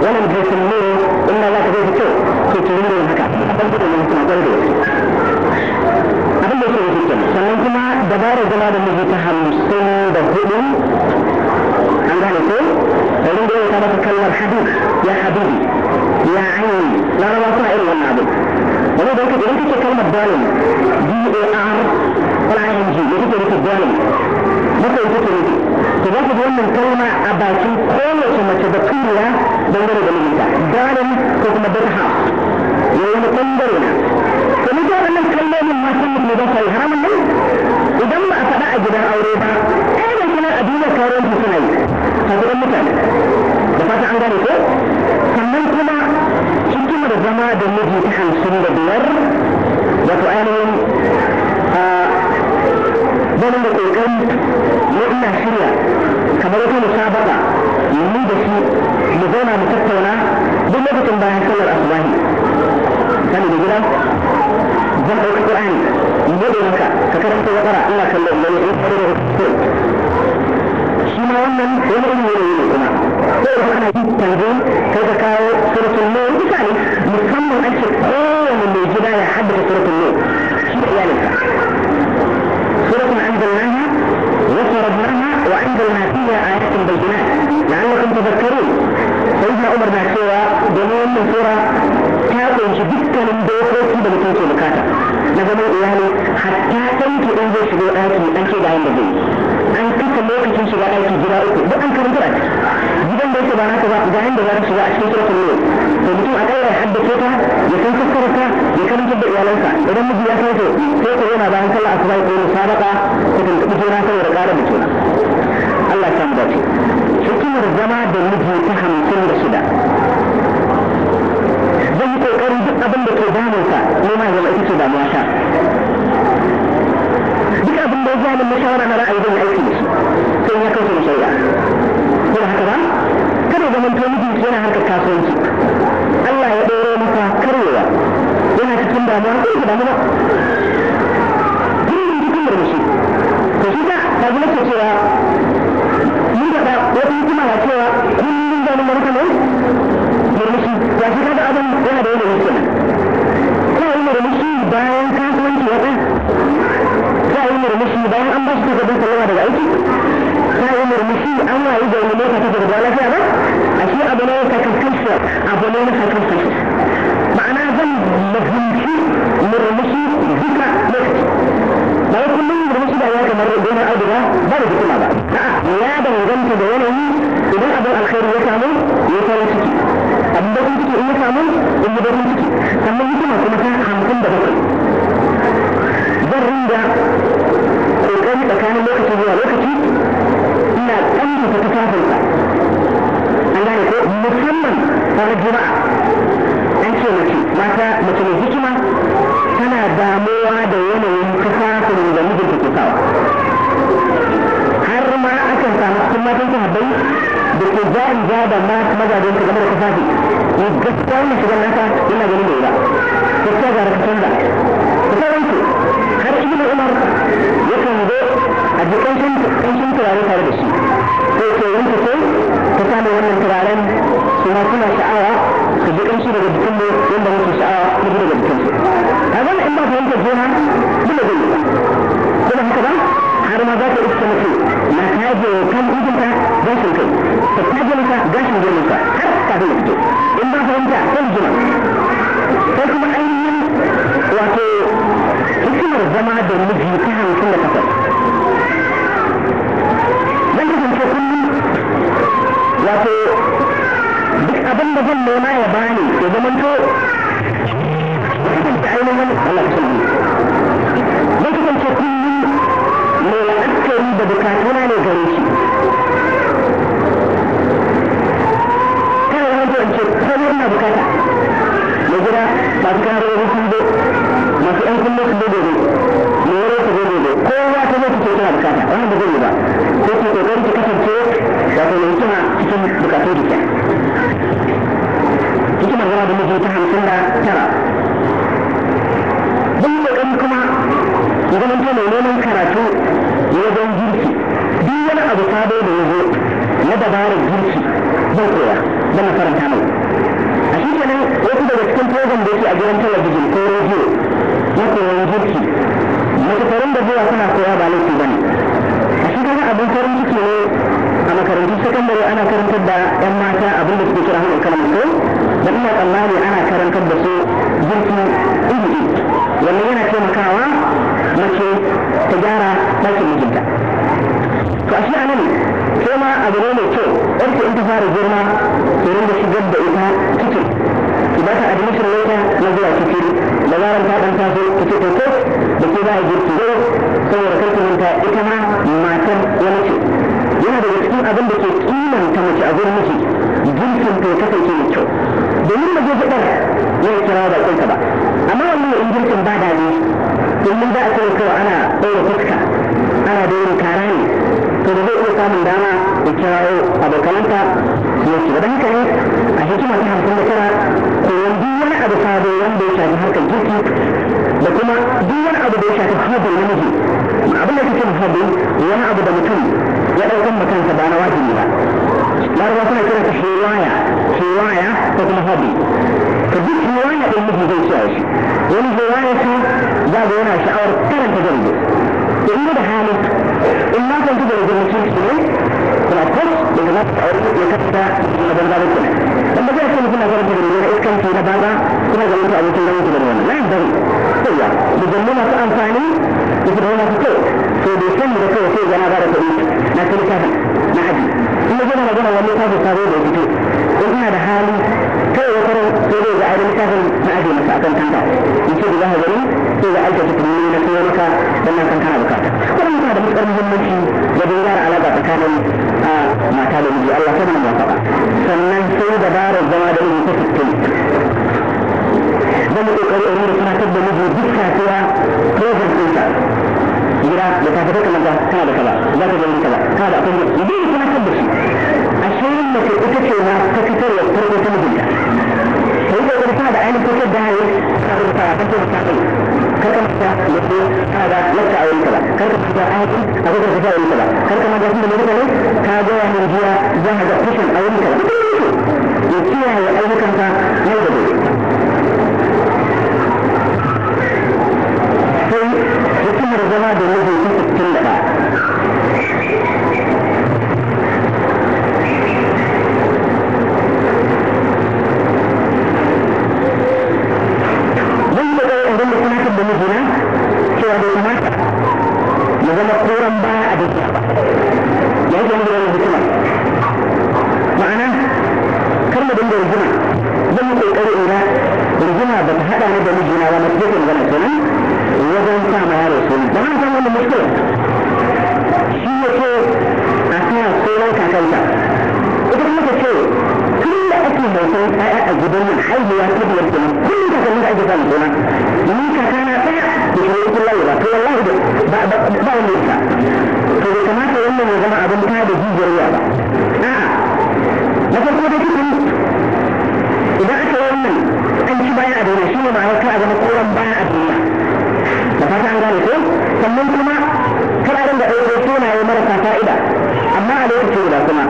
wannan dressing ne inda za ka zai fi kyau to ki rinda yin haka abin da ne kuma gwarda abin da yake yi sannan kuma dabarar zama da miji ta hamsin da hudu an gane ko wurin da ya maka kalmar habib ya habibi ya aini larabawa suna irin wannan abin wani da yake idan kake kalmar dalil d a r l i n g da kake nufi dalil duka yake nufi to za ku wannan kalma a bakin kowace mace da turiya dangane da mijinta dalil ko kuma dirham yayin da bangare na kuma ne idan ba a faɗa a gidan aure ba nan a duniya karuwan su suna yi karuwan mutane da fata an gane ko sannan kuma da zama da miji ta hamsin da biyar wato ainihin zama da ƙoƙarin na ina shirya kamar wata musabaka mu da shi mu zauna mu tattauna duk lokacin bayan sallar asubahi sani da gida zan ɗauki ƙur'ani mu buɗe maka ka karanta waƙara ina kallon wani in fara da قلنا من سورة المؤمنون سورة حديث تنزيل كذا سورة النور مثالي مصمم أشد كل اللي يجيبها لحد سورة النور شيء يعني سورة أنزلناها وفرضناها وأنزلنا فيها آيات بينات لعلكم تذكرون سيدنا عمر na cewa domin wannan sura ta kunshi dukkanin dokoki da mutum ke bukata na zaman iyali hatta ɗanki ɗin zai shigo ɗaki ɗan ce da yin da zai an kasa lokacin shiga ɗaki gida uku duk an karanta a gidan da yake ba naka ba ga inda za ka shiga a cikin suratul nur to mutum akalla ya haddace ta ya san fassararta ya karanta da iyalansa idan miji ya sauke sai ko yana bayan a asuba ko musabaka ko tuntuɓi juna saboda ƙara da juna Allah ya samu dace hikimar zama da miji ta hamsin da shida zan yi ƙoƙarin duk abin da ke damunsa ne ma zama ita ce damuwa ta wanda ya jami mashawara na ra'ayi zai aiki da shi sai ya kawo shaida ko da haka ba kada zaman to miji yana harkar kasuwanci Allah ya ɗoro masa karyewa yana cikin damuwa ko da damuwa gurin cikin da shi to shi ka ta gina ce cewa mun da wata hikima na cewa kullum zanen marka ne murmushi abin yi murmushi bayan kasuwanci ya za a yi murmushi bayan an ba shi takardar sallama daga aiki za a yi murmushi an wayi da wani mota take da lafiya ba a shi abu ne sacrificial abu ne na sacrificial ma'ana zan mahimci murmushi duka lokaci ba ya kullum murmushi da ya kamar gonar auduga ba da hikima ba ya danganta da yanayi idan abin alkhairi ya samu ya farin ciki abin da kun ciki in ya samu in yi farin ciki sannan hikima kuma ta hamsin da bakwai zan da kokari tsakanin lokaci zuwa lokaci ina ta tufafinsa an gane ko musamman ranar juma'a an ce mace mata mace mai hikima tana damuwa da yanayin tufafin da mijinta ke sawa har ma aka samu cikin matan sahabbai da ke jari ja da mazajen ta game da tufafi ne gaskiya wani shigar nasa yana ganin da wura gaskiya ga rakacin da sauransu har ibn umar yakan zo a jikin kanshin turare tare da shi sai ke yanka sai ta samu wannan turaren suna suna sha'awa su ji kanshi daga jikin mu yadda muke sha'awa mu ji daga jikin su kaga in ba fahimtar juna dole zai yi kuma haka ba har ma za ka iska mutum na taje kan ijinta gashin kai ta taje masa gashin girmansa har kafin ya fito in ba fahimta sai jima sai kuma ainihin wato hikimar zama da miji ta hamsin da takwas zan kasance kullum wato duk abin da zan nema ya bani ya zamanto kasance ainihin Allah ta zan kasance kullum mai la'akari da bukatuna ne gare shi kan yawan ce komai na bukata mai gida masu kayan rauni sun zo masu yan kullum sun zo gobe mai yaro su zo gobe ba ta zo su ce tana bukata wannan ba zai yi ba ko ki kokari ki kasance wato mai hikima cikin bukatun dukiya hikimar zama da miji ta hamsin da tara duk kokari kuma ya zama ta mai neman karatu wajen girki duk wani abu sabo da ya zo na dabarar girki zai koya na faranta mai shi kenan wasu daga cikin program da yake a gidan talabijin ko rediyo na koyon girki matakarun da zuwa suna koya ba laifi ba ne a shi kaga abin farin ciki ne a makarantun sakandare ana karantar da yan mata abin da suke kira hannun kalmar ko da ina tsammani ana karantar da su girki iri iri wannan yana taimakawa mace ta gyara ɗakin mijinta to ashe anan sai ma abu ne mai kyau yarki in ta fara girma ki da shigar da ita cikin ki ba ta admission na zuwa cikin da zaran ta dan taso ki ce to ko da ke za a girki zo saboda kar ki manta ita ma matar ya ce yana daga cikin abin da ke kimanta mace a gurin miji girkin ta kasance mai kyau domin ba zai fitar ya kira da kanka ba amma wannan in girkin ba daɗi domin za a kai kawai ana ɗaura fuska ana da yin kara ne to da zai iya samun dama ya kirawo abokananta ya shiga da haka ne a hikima ta hamsin da tara koyon duk wani abu sabo wanda ya shafi harkar girki da kuma duk wani abu da ya shafi habin namiji abin da kake habin wani abu da mutum ya ɗaukan makansa ba na wajibi ba larabawa suna kiransa hewaya hewaya ko kuma hobby to duk hewaya ɗin miji zai ciyaye shi wani hewaya shi za ga yana sha'awar karanta jaridu هناك ان يقول هناك حاله الناس اللي تقدر يجيب كتير تنقص بالنفس او يكفى مدن باب الكلام لما جاء كل كنا جرب بالله ايه كان في نبابة كنا جرب او كنا ان لا هناك سيا بجملة أنفاني يقدرون طيب، في كيف في بيسمى كيف في جنابة كيف لكن كهن ما حد in na gina magana wani kafin ta zo da fito in ina da hali kai ya fara sai dai ga ainihin kafin na aje masa akan kanka in ce da za ka gani sai ga aika ta kuma na kai maka dan nan kan kana bukata wannan yana da matukar muhimmanci da dai yara alaƙa tsakanin mata da miji Allah ta mana faɗa sannan sai dabarar zama da miji ta fitin zan yi ƙoƙari a wurin sanatar da miji duk safiya ko zan جرا لتافتك من كان كذا ذاك من كذا هذا أقول يدين كما تبش الشيء التي أتكي ما تكتر يكتر وتمجد فإذا قلت هذا أنا تكتر دهي تقول تعالى تكتر تعالى كركم هذا يقول هذا لك أو كذا كركم هذا آتي أقول كذا أو كذا كركم هذا يقول كذا كذا من جهة جهة فشل أو كذا يكيه أيها كذا يوجد hanyar zama da mijinta sittin da ɗaya bautan ƴaƴa a gidan nan haihuwa ta biyar kenan kullum ka kalli ake samun kenan ni ka kana ɗaya da shi ne kullum ba to wallahi ba ba ba wani sa to bai kamata wannan ya zama abin ta da jijiyar ya ba a'a na farko da cikin idan aka yi wannan an ci baya a duniya shi ne ma'anar kar a zama koran baya a duniya da fata an gane ko sannan kuma kar a dinga ɗaure sunaye marasa fa'ida amma a lokacin guda kuma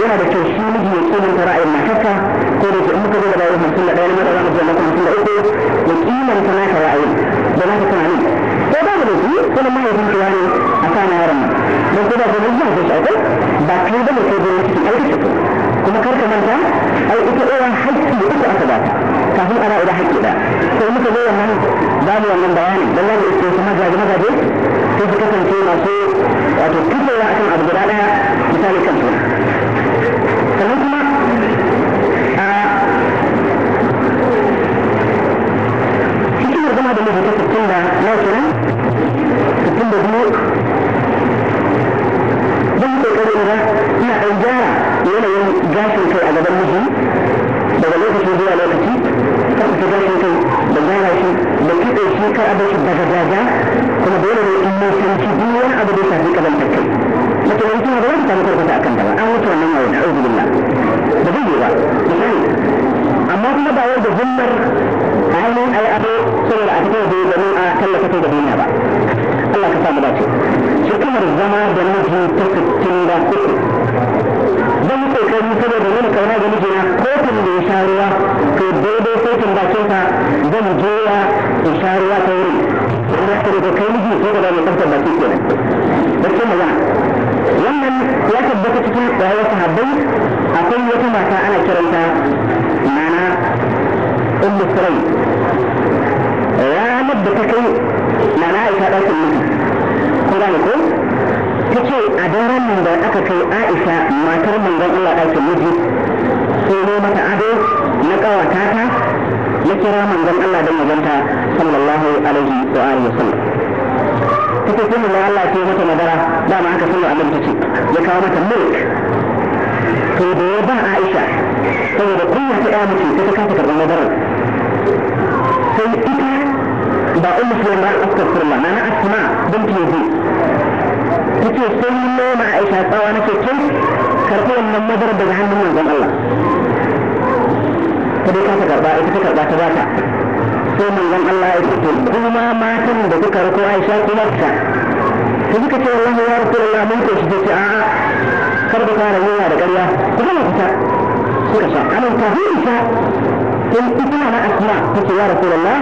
yana da kyau shi miji ya tsoron ra'ayin matarsa ko da in muka zo da bayan mutum da ɗaya na a za mu zo mutum da uku ya kiman ta naka ra'ayi da naka tunani ko ba mu da shi sunan mahaifin ki wani a ka na yaron nan don ko ba ko ba zuwa ko shi ba kai ba ne ko gurin cikin aiki ko kuma karka manta ai ita a haƙƙi uku aka ba kafin ana ida haƙƙi da ko muka zo wannan babu wannan bayani dan nan ita ko mazaje mazaje ko su kasance masu wato a akan abu guda ɗaya misali kan suna sannan kuma عندي بتاع 60 مثلا 60 دقيق بنت كبيرة ما أوجاع ولا يوم جاشن كي على بلجي بغلوك شو دي على كتيب فقط جاشن كي بجانا شي بكيب شي كأبا شي بغدادا كما بيولا إنه سنتيبيا أبدا شابي كبال تكي لكن أنتم أبدا كانوا كربتا أكن دوا أنا أتوانا أعوذ بالله بدي بقى مثلا أما كنا بقى يوجد ainihin ai abu saboda a cikin da domin a tallata kai da duniya ba Allah ka samu dace shi kamar zama da miji ta sittin da kuɗi zan kokari saboda nuna kauna da mijina kotun da ya sha ruwa to daidai kotun bakin sa zan jera in sha ruwa ta wuri wanda ya da kai miji sai da mai tsaftar baki da gaskiya magana wannan ya tabbata cikin rayuwar sahabbai akwai wata mata ana kiranta mana أم السري ranar da ta kai na na'aisha ɗakin miji kun ne ko ta ce a daren nan da aka kai aisha matar manzon allah ɗakin miji sun zo mata ado na ƙawata ta na kira manzon allah don maganta sallallahu alaihi wa alihi wa sallam ta ce sun da allah ce mata madara dama aka sun annabi ta ce ya kawo mata milk to da ya ba aisha saboda kunya ta ɗaya mace ta ta kasa karɓar madarar sai ita ba ba ummu sulaiman na nana asma binti yazid tace sai noma aisha tsawa na kin karɓi wannan madara daga hannun manzon Allah ta dai ta karɓa ita ta karɓa ta bata sai manzon Allah ya ce kuma matan da kuka rako aisha kuma ta ta suka ce wallahi ya rasulullah mun ko shi ce a'a kar da fara yawa da ƙarya ku zama fita suka sha anan ta hulisa tun ita na asma ta ce ya rasulullah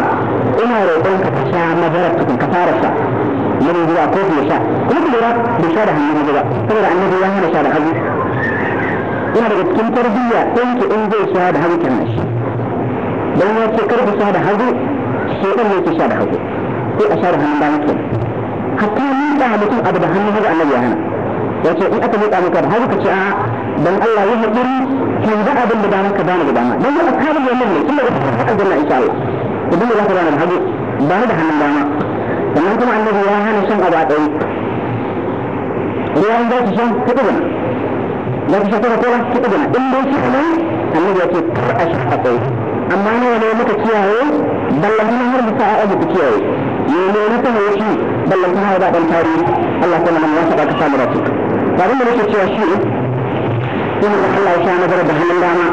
ina roƙon ka sha madarar tukun ka fara sha mari zuwa ko ya sha kuma ku lura bai sha da hannu na ba saboda annabi ya hana sha da hagu ina daga cikin tarbiyya ɗan ki in zai sha da hagu kenan shi dan ya ce kar ku sha da hagu sai ɗan ne ke sha da hagu ko a sha da hannun dama kenan hatta ni da mutum abu da hannun hagu annabi ya hana ya ce in aka miƙa maka da hagu ka ce a dan Allah ya haƙuri kan da abin da dama ka bani da dama dan ya ka kare wannan ne kuma ka fara aljanna insha Allah idan da zaka da hagu ba da hannun dama sannan kuma annabi ya hana shan abu a tsaye ruwan za su shan kuɗi gana za su shan kuɗi kowa kuɗi gana in dai shi ne annabi ya ce kar a shan a tsaye amma ne ne muka kiyaye ballantana har mu sa'a aji ku kiyaye ne ne muka haye shi ballantana ya ba ɗan tarihi Allah ta mana ya saba ka samu da su ba da nake cewa shi ne Allah ya sha nazar da hannun dama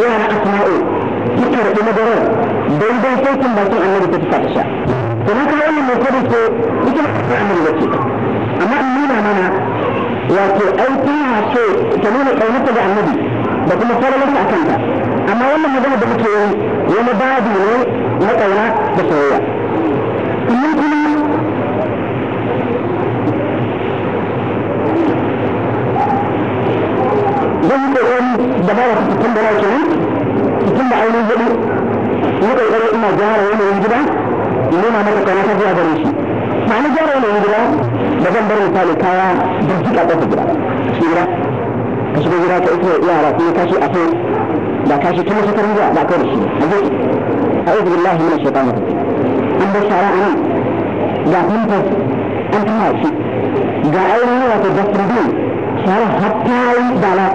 yana asma'u kike da madarar daidai sai kin bakin annabi ta fita isha to na kawo wannan mai ke cikin annabi bace amma in nuna mana wato ai tana ce ta nuna kaunarta ga annabi da kuma faralarta a kanta amma wannan magana da muke yi wani babu ne na kauna da soyayya sannan kuma zan yi da wani dabara ta fitan da na gyara yanayin gida in nuna mata kwanata zuwa gare shi ma'ana gyara yanayin gida da zan bar misali kaya da jika ƙofa gida cikin gida ka shiga gida ka ita yara kuma kashi a kai kashi tun shekarun an bar shara ga an tana shi ga ainihin shara